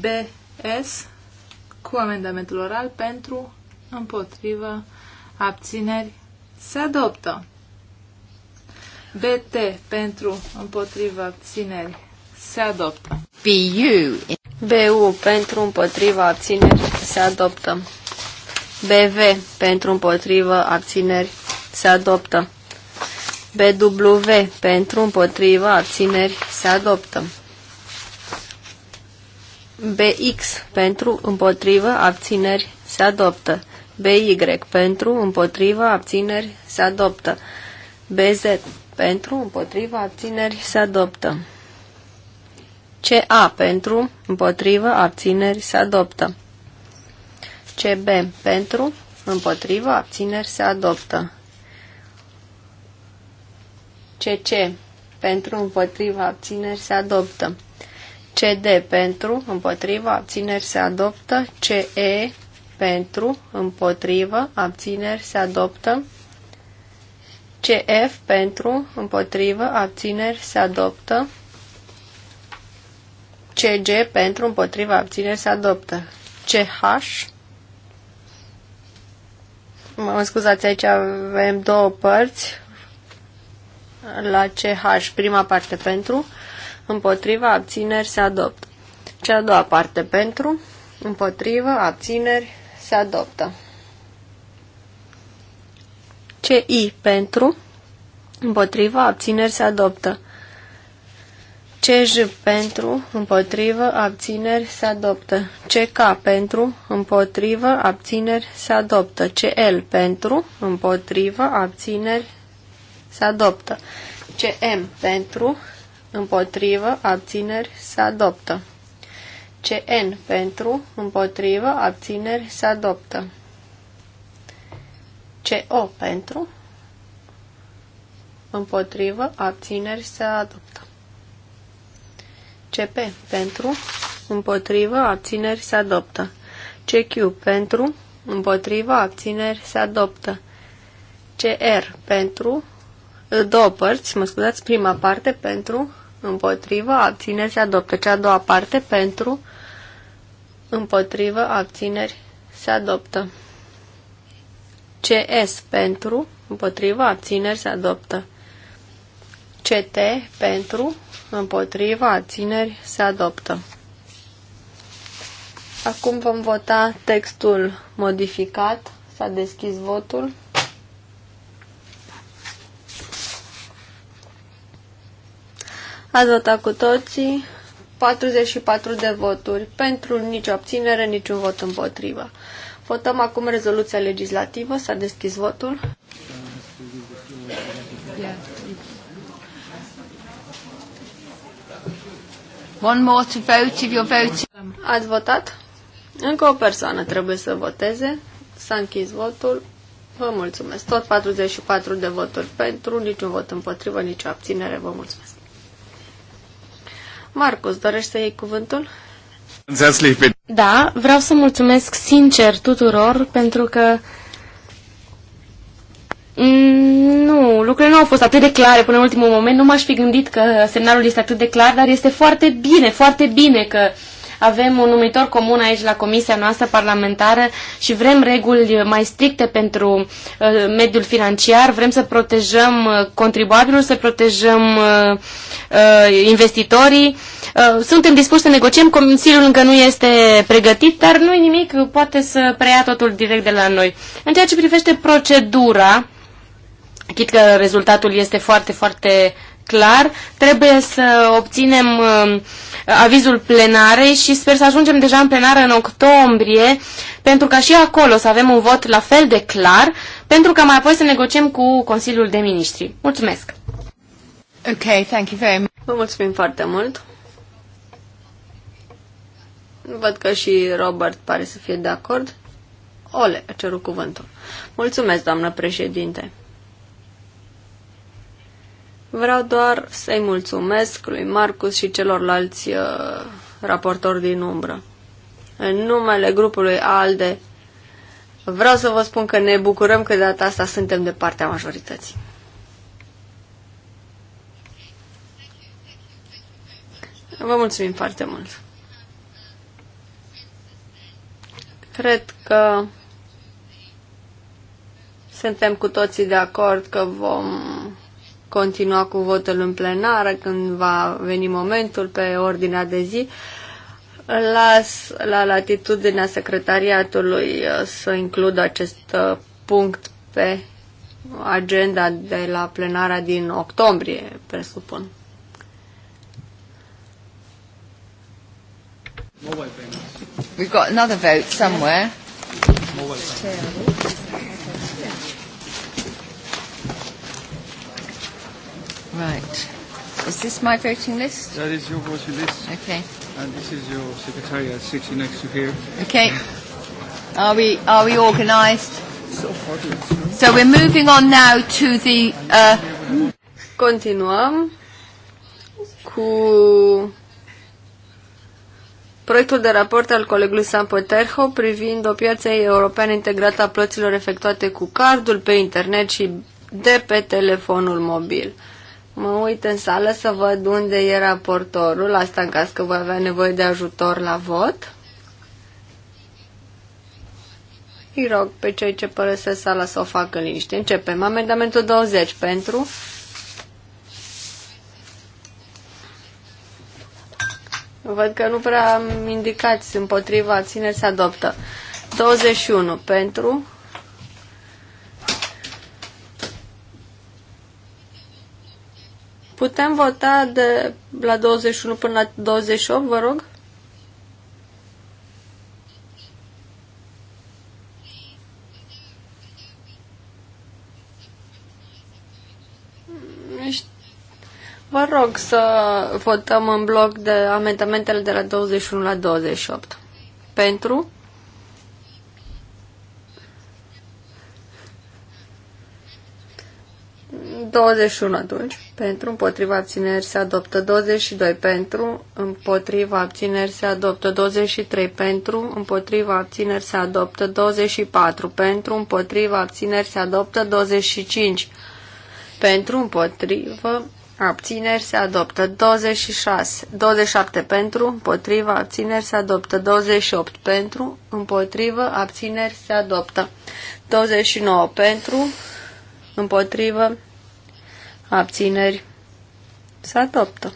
BS cu amendamentul oral pentru? Împotrivă? Abțineri? Se adoptă. BT pentru? Împotrivă? Abțineri? Se adoptă. BU. BU pentru împotrivă abțineri se adoptă. BV pentru împotrivă abțineri se adoptă. BW pentru împotrivă abțineri se adoptă. BX pentru împotrivă abțineri se adoptă. BY pentru împotrivă abțineri se adoptă. BZ pentru împotrivă abțineri se adoptă. CA pentru împotrivă abțineri se adoptă. CB pentru, împotrivă, abțineri se adoptă. CC pentru, împotrivă, abțineri se adoptă. CD pentru, împotrivă, abțineri se adoptă. CE pentru, împotrivă, abțineri se adoptă. CF pentru, împotrivă, abțineri se adoptă. CG pentru, împotrivă, abțineri se adoptă. CH Mă scuzați, aici avem două părți la CH. Prima parte pentru, împotriva, abțineri, se adoptă. Cea a doua parte pentru, împotriva, abțineri, se adoptă. CI pentru, împotriva, abțineri, se adoptă. Ce J pentru, împotrivă, abțineri se adoptă. k pentru, împotrivă, abțineri se adoptă. l pentru, împotrivă, abțineri se adoptă. m pentru, împotrivă, abțineri se adoptă. n pentru, împotrivă, abțineri se adoptă. o pentru, împotrivă, abțineri se adoptă. CP pentru, împotrivă, abțineri se adoptă. CQ pentru, împotrivă, abțineri se adoptă. CR pentru, ă, două părți, mă scuzați, prima parte pentru, împotrivă, abțineri se adoptă. Cea a doua parte pentru, împotrivă, abțineri se adoptă. CS pentru, împotrivă, abțineri se adoptă. CT pentru, împotriva, țineri, se adoptă. Acum vom vota textul modificat. S-a deschis votul. Ați votat cu toții 44 de voturi pentru nicio abținere, niciun vot împotrivă. Votăm acum rezoluția legislativă. S-a deschis votul. Yeah. One more to vote if you're voting. Ați votat? Încă o persoană trebuie să voteze. S-a închis votul. Vă mulțumesc. Tot 44 de voturi pentru, niciun vot împotrivă, nicio abținere. Vă mulțumesc. Marcus, dorești să iei cuvântul? Da, vreau să mulțumesc sincer tuturor pentru că Mm, nu, lucrurile nu au fost atât de clare până în ultimul moment. Nu m-aș fi gândit că semnalul este atât de clar, dar este foarte bine, foarte bine că avem un numitor comun aici la comisia noastră parlamentară și vrem reguli mai stricte pentru uh, mediul financiar, vrem să protejăm uh, contribuabilul, să protejăm uh, uh investitorii. Uh, suntem dispuși să negociem, Consiliul încă nu este pregătit, dar nu-i nimic, poate să preia totul direct de la noi. În ceea ce privește procedura, Chit că rezultatul este foarte, foarte clar. Trebuie să obținem um, avizul plenarei și sper să ajungem deja în plenară în octombrie, pentru ca și acolo să avem un vot la fel de clar, pentru ca mai apoi să negociem cu Consiliul de Ministri. Mulțumesc! Ok, thank you very much. Vă mulțumim foarte mult. Văd că și Robert pare să fie de acord. Ole, a cerut cuvântul. Mulțumesc, doamnă președinte. Vreau doar să-i mulțumesc lui Marcus și celorlalți uh, raportori din umbră. În numele grupului ALDE, vreau să vă spun că ne bucurăm că de data asta suntem de partea majorității. Vă mulțumim foarte mult. Cred că suntem cu toții de acord că vom continua cu votul în plenară când va veni momentul pe ordinea de zi. Las la latitudinea secretariatului uh, să includă acest uh, punct pe agenda de la plenara din octombrie, presupun. We've got another vote somewhere. Right. Is this my voting list? That is your voting list. Okay. And this is your secretariat uh, sitting next to here. Okay. Are we, are we organised? So we're moving on now to the... Uh, Continuăm cu proiectul de raport al colegului Sampoterho privind o piață europeană integrată a plăților efectuate cu cardul pe internet și de pe telefonul mobil. Mă uit în sală să văd unde e raportorul, asta în caz că voi avea nevoie de ajutor la vot. Îi rog pe cei ce părăsesc sala să o facă în liniște. Începem. Amendamentul 20 pentru... Văd că nu prea indicați împotriva, ține se adoptă. 21 pentru... Putem vota de la 21 până la 28, vă rog? Vă rog să votăm în bloc de amendamentele de la 21 la 28. Pentru? 21 atunci. Pentru, împotriva abțineri se adoptă 22. Pentru, împotriva abțineri se adoptă 23. Pentru, împotriva abțineri se adoptă 24. Pentru, împotriva abțineri se adoptă 25. Pentru, împotriva abțineri se adoptă 26. 27 pentru, împotriva abțineri se adoptă 28. Pentru, împotriva abțineri se adoptă 29. Pentru, împotrivă, abțineri, se adoptă.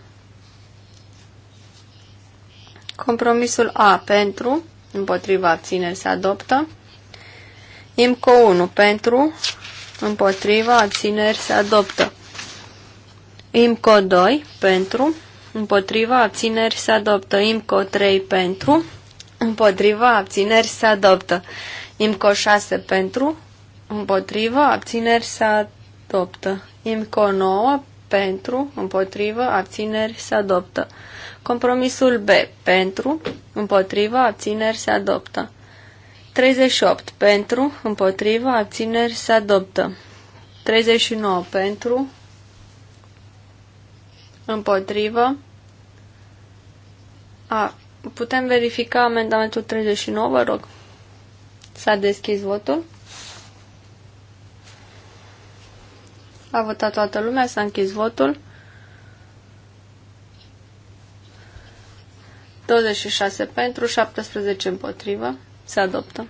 Compromisul A pentru, împotriva abțineri se adoptă. IMCO 1 pentru, împotriva abțineri se adoptă. IMCO 2 pentru, împotriva abțineri se adoptă. IMCO 3 pentru, împotriva abțineri se adoptă. IMCO 6 pentru, împotriva abțineri se adoptă. IMCO 9 pentru, împotrivă, abțineri se adoptă. Compromisul B pentru, împotrivă, abțineri se adoptă. 38 pentru, împotrivă, abțineri se adoptă. 39 pentru, împotrivă. A, putem verifica amendamentul 39, vă rog. S-a deschis votul. A votat toată lumea, s-a închis votul. 26 pentru, 17 împotrivă. Se adoptă.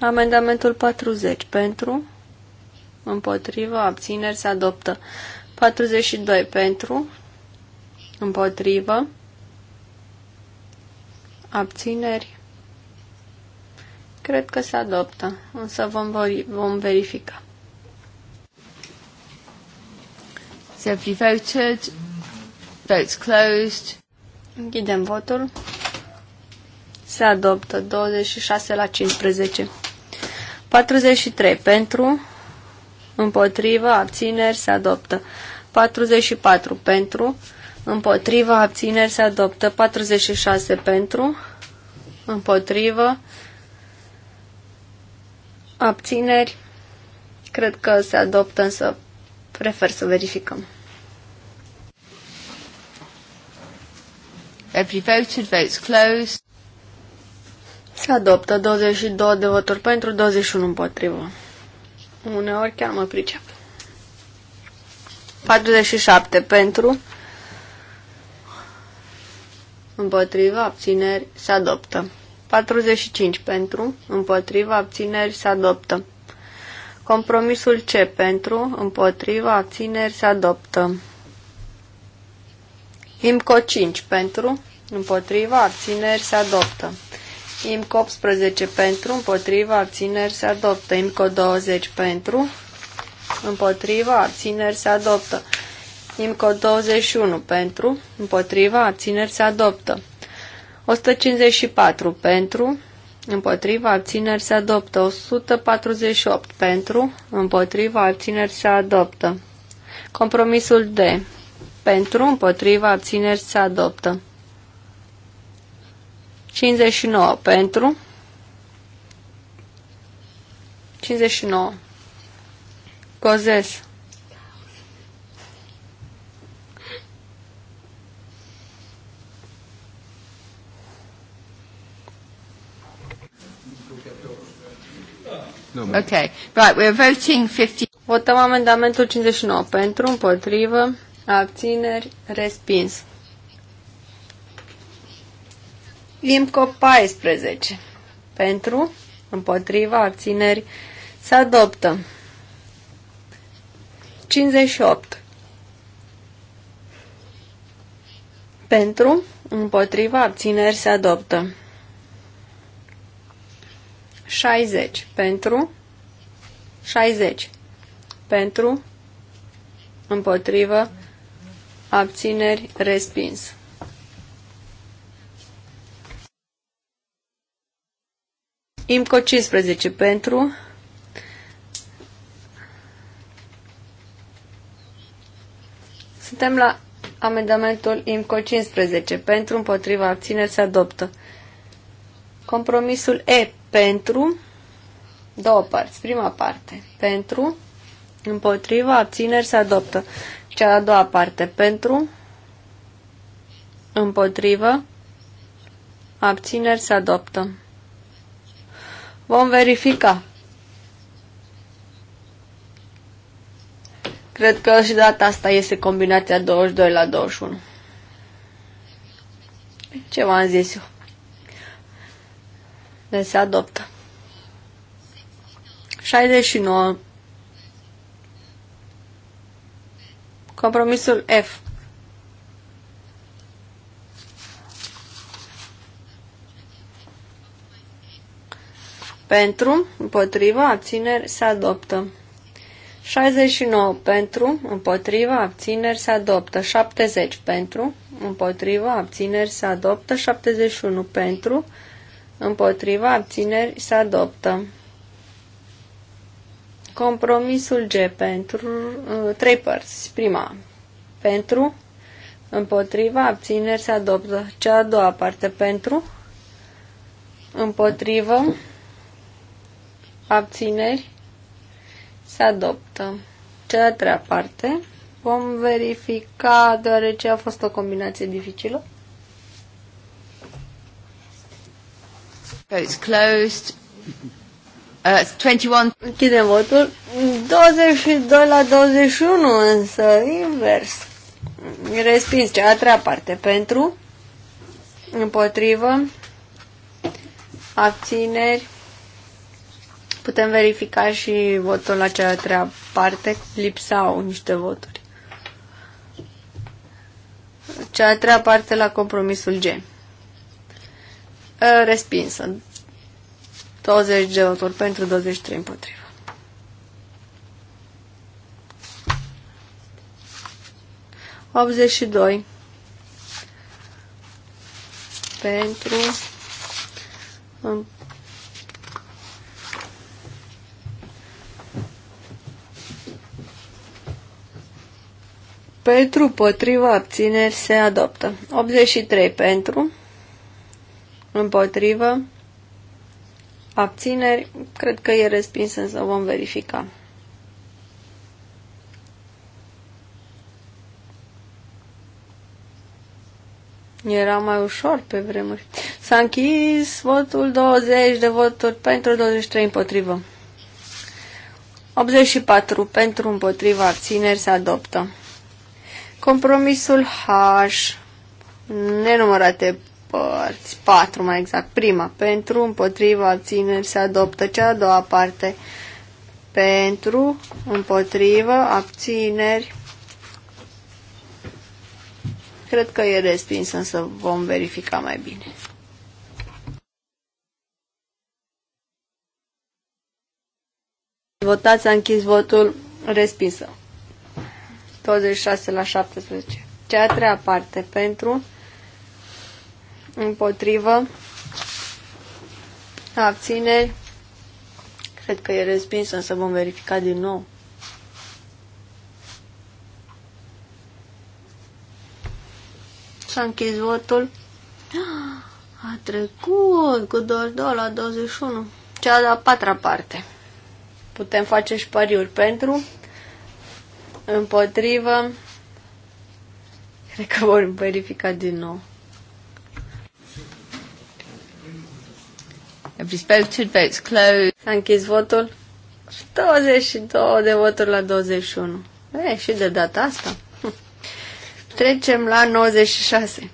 Amendamentul 40 pentru, împotrivă, abțineri, se adoptă. 42 pentru, împotrivă, abțineri. Cred că se adoptă, însă vom, vom verifica. everybody voted? Votes closed. Închidem votul. Se adoptă 26 la 15. 43 pentru, împotrivă, abțineri, se adoptă. 44 pentru, împotrivă, abțineri, se adoptă. 46 pentru, împotrivă, abțineri, cred că se adoptă, însă prefer să verificăm. Every voted, votes closed. Se adoptă 22 de voturi pentru, 21 împotrivă. Uneori chiar mă pricep. 47 pentru, împotriva, abțineri, se adoptă. 45 pentru, împotriva, abțineri, se adoptă. Compromisul C pentru, împotriva, abțineri, se adoptă. IMCO 5 pentru, împotriva, abțineri se adoptă. IMCO 18 pentru, împotriva, abțineri se adoptă. IMCO 20 pentru, împotriva, abțineri se adoptă. IMCO 21 pentru, împotriva, abțineri se adoptă. 154 pentru, împotriva, abțineri se adoptă. 148 pentru, împotriva, abțineri se adoptă. Compromisul D pentru, împotriva, abțineri, se adoptă. 59 pentru, 59. Cozes. Ok. Right, we're voting 50. Votăm amendamentul 59 pentru, împotrivă, abțineri, respins. IMCO 14. Pentru, împotriva, abțineri, se adoptă. 58. Pentru, împotriva, abțineri, se adoptă. 60. Pentru, 60. Pentru, împotrivă, abțineri, respins. IMCO 15 pentru, Suntem la amendamentul IMCO 15. Pentru, împotriva, abțineri se adoptă. Compromisul E pentru două părți. Prima parte. Pentru, împotriva, abțineri se adoptă. Cea a doua parte pentru, împotrivă, abțineri se adoptă. Vom verifica. Cred că și data asta este combinația 22 la 21. Ce v-am zis eu? Deci se adoptă. 69 Compromisul F. Pentru, împotriva, abțineri, se adoptă. 69 pentru, împotriva, abțineri, se adoptă. 70 pentru, împotriva, abțineri, se adoptă. 71 pentru, împotriva, abțineri, se adoptă. Compromisul G pentru uh, trei părți. Prima, pentru, împotriva, abțineri se adoptă. Cea a doua parte, pentru, împotrivă, abțineri se adoptă. Cea a treia parte vom verifica deoarece a fost o combinație dificilă. Votes closed. 21. Uh, Închidem votul. 22 la 21, însă invers. Respins cea a treia parte. Pentru, împotrivă, abțineri. Putem verifica și votul la cea a treia parte. Lipsau niște voturi. Cea a treia parte la compromisul G. Uh, respinsă. 20 de voturi pentru, 23 împotrivă. Optzeci pentru pentru, potriva, abțineri, se adoptă. 83 pentru, împotrivă, Abțineri, cred că e respins, însă vom verifica. Era mai ușor pe vremuri. S-a închis votul 20 de voturi pentru 23 împotrivă. 84 pentru împotriva abțineri se adoptă. Compromisul H. Nenumărate părți, patru mai exact. Prima, pentru, împotriva, abțineri, se adoptă. Cea a doua parte, pentru, împotriva, abțineri. Cred că e respins, însă vom verifica mai bine. Votați, a închis votul, respinsă. 26 la 17. Cea a treia parte, pentru, Împotrivă. Abțineri. Cred că e respins, însă vom verifica din nou. S-a închis votul. A trecut cu 22 la 21. Cea de-a patra parte. Putem face și pariuri pentru, împotrivă. Cred că vor verifica din nou. Everybody's voted, votes closed. S-a închis votul. 22 de voturi la 21. E, și de data asta. Trecem la 96.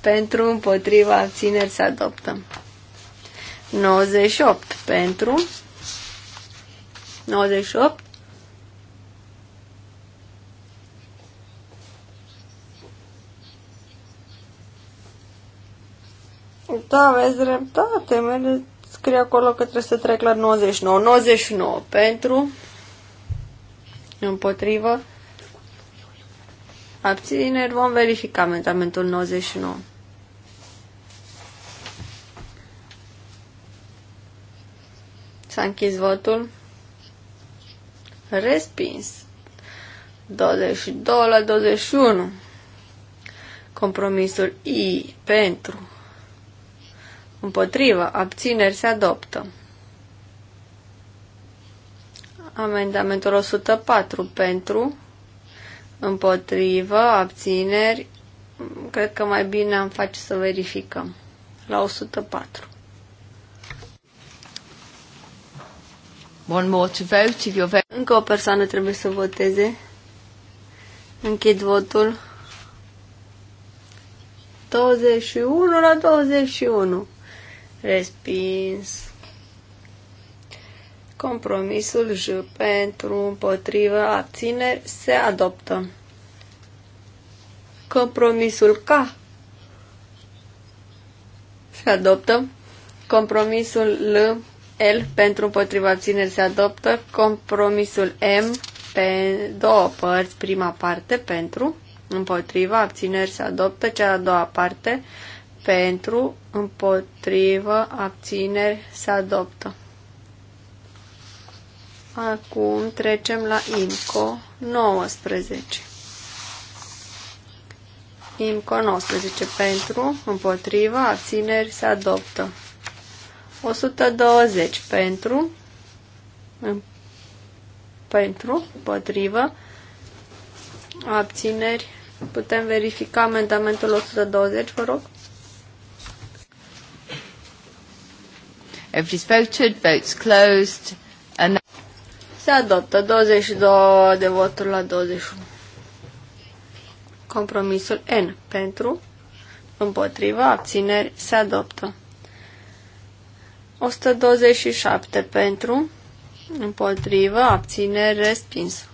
Pentru, împotriva, abțineri se adoptă. 98 pentru, 98 Da, aveți dreptate. Mele scrie acolo că trebuie să trec la 99. 99 pentru, împotrivă, abțineri. Vom verifica amendamentul 99. S-a închis votul. Respins. 22 la 21. Compromisul I pentru Împotrivă. Abțineri se adoptă. Amendamentul 104 pentru. Împotrivă. Abțineri. Cred că mai bine am face să verificăm. La 104. One more to vote if you're... Încă o persoană trebuie să voteze. Închid votul. 21 la 21 respins. Compromisul J pentru împotrivă abțineri se adoptă. Compromisul K se adoptă. Compromisul L, L pentru împotrivă abțineri se adoptă. Compromisul M pe două părți, prima parte pentru împotriva abțineri se adoptă, cea a doua parte pentru, împotrivă, abțineri, se adoptă. Acum trecem la IMCO 19. IMCO 19 pentru, împotrivă, abțineri, se adoptă. 120 pentru, pentru, împotrivă, abțineri, putem verifica amendamentul 120, vă rog. Everybody's voted, votes closed. And... Se adoptă 22 de voturi la 21. Compromisul N pentru, împotriva, abțineri, se adoptă. 127 pentru, împotriva, abțineri, respins.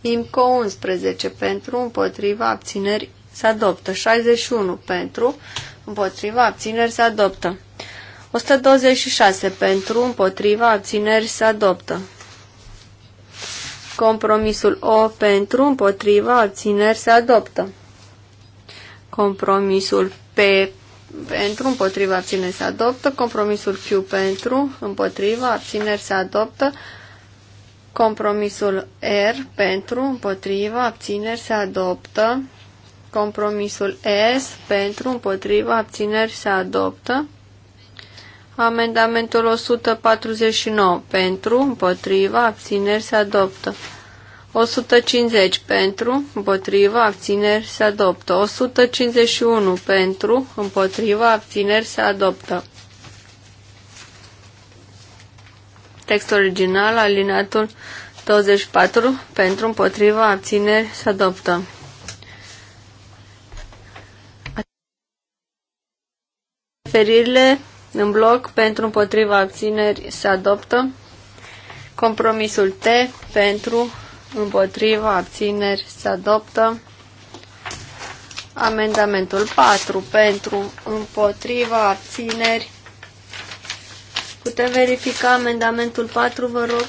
IMCO 11 pentru, împotriva, abțineri, se adoptă. 61 pentru, împotriva, abțineri, se adoptă. 126 pentru, împotriva, abțineri se adoptă. Compromisul O pentru, împotriva, abțineri se adoptă. Compromisul P pentru, împotriva, abțineri se adoptă. Compromisul Q pentru, împotriva, abțineri se adoptă. Compromisul R pentru, împotriva, abțineri se adoptă. Compromisul S pentru, împotriva, abțineri se adoptă. Amendamentul 149 pentru, împotriva, abțineri se adoptă. 150 pentru, împotriva, abțineri se adoptă. 151 pentru, împotriva, abțineri se adoptă. Text original, alineatul 24, pentru, împotriva, abțineri se adoptă. Referirile în bloc, pentru împotriva abțineri se adoptă. Compromisul T pentru împotriva abțineri se adoptă. Amendamentul 4 pentru împotriva abțineri. Putem verifica amendamentul 4, vă rog?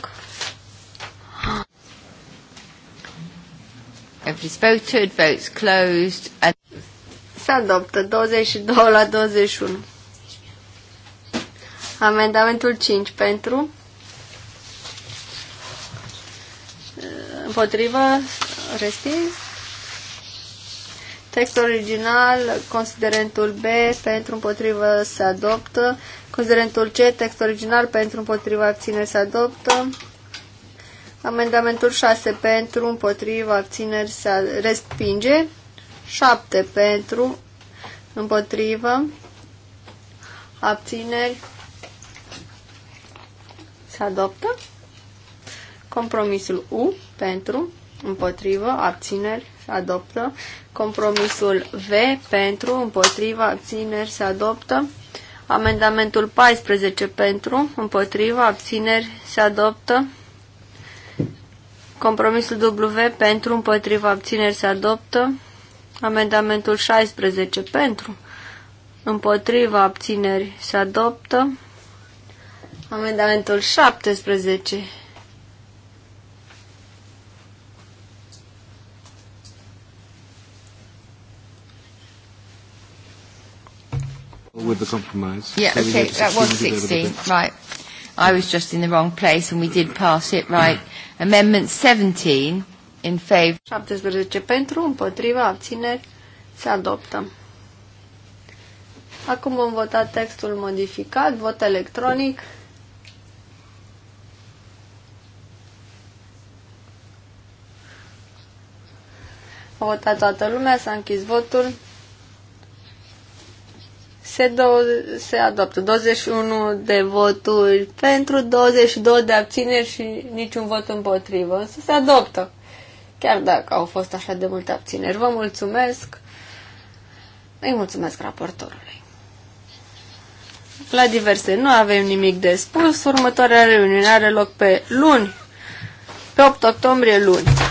Every voted, votes closed. And... Se adoptă 22 la 21. Amendamentul 5 pentru. Împotrivă. Respins. Text original, considerentul B, pentru împotrivă se adoptă. Considerentul C, text original, pentru împotrivă abțineri se adoptă. Amendamentul 6 pentru, împotrivă, abțineri se respinge. 7 pentru, împotrivă, abțineri se adoptă. Compromisul U pentru, împotrivă, abțineri, se adoptă. Compromisul V pentru, împotrivă, abțineri, se adoptă. Amendamentul 14 pentru, împotrivă, abțineri, se adoptă. Compromisul W pentru, împotrivă, abțineri, se adoptă. Amendamentul 16 pentru, împotrivă, abțineri, se adoptă. Amendamentul 17. With the compromise. Yeah, so okay, that was 16, right. I was just in the wrong place and we did pass it, right. Amendment 17 in favor. 17 pentru, împotriva, abțineri, se adoptă. Acum vom vota textul modificat, vot electronic. A votat toată lumea, s-a închis votul. Se, do- se adoptă 21 de voturi pentru, 22 de abțineri și niciun vot împotrivă. Însă se adoptă. Chiar dacă au fost așa de multe abțineri. Vă mulțumesc. Îi mulțumesc raportorului. La diverse nu avem nimic de spus. Următoarea reuniune are loc pe luni, pe 8 octombrie luni.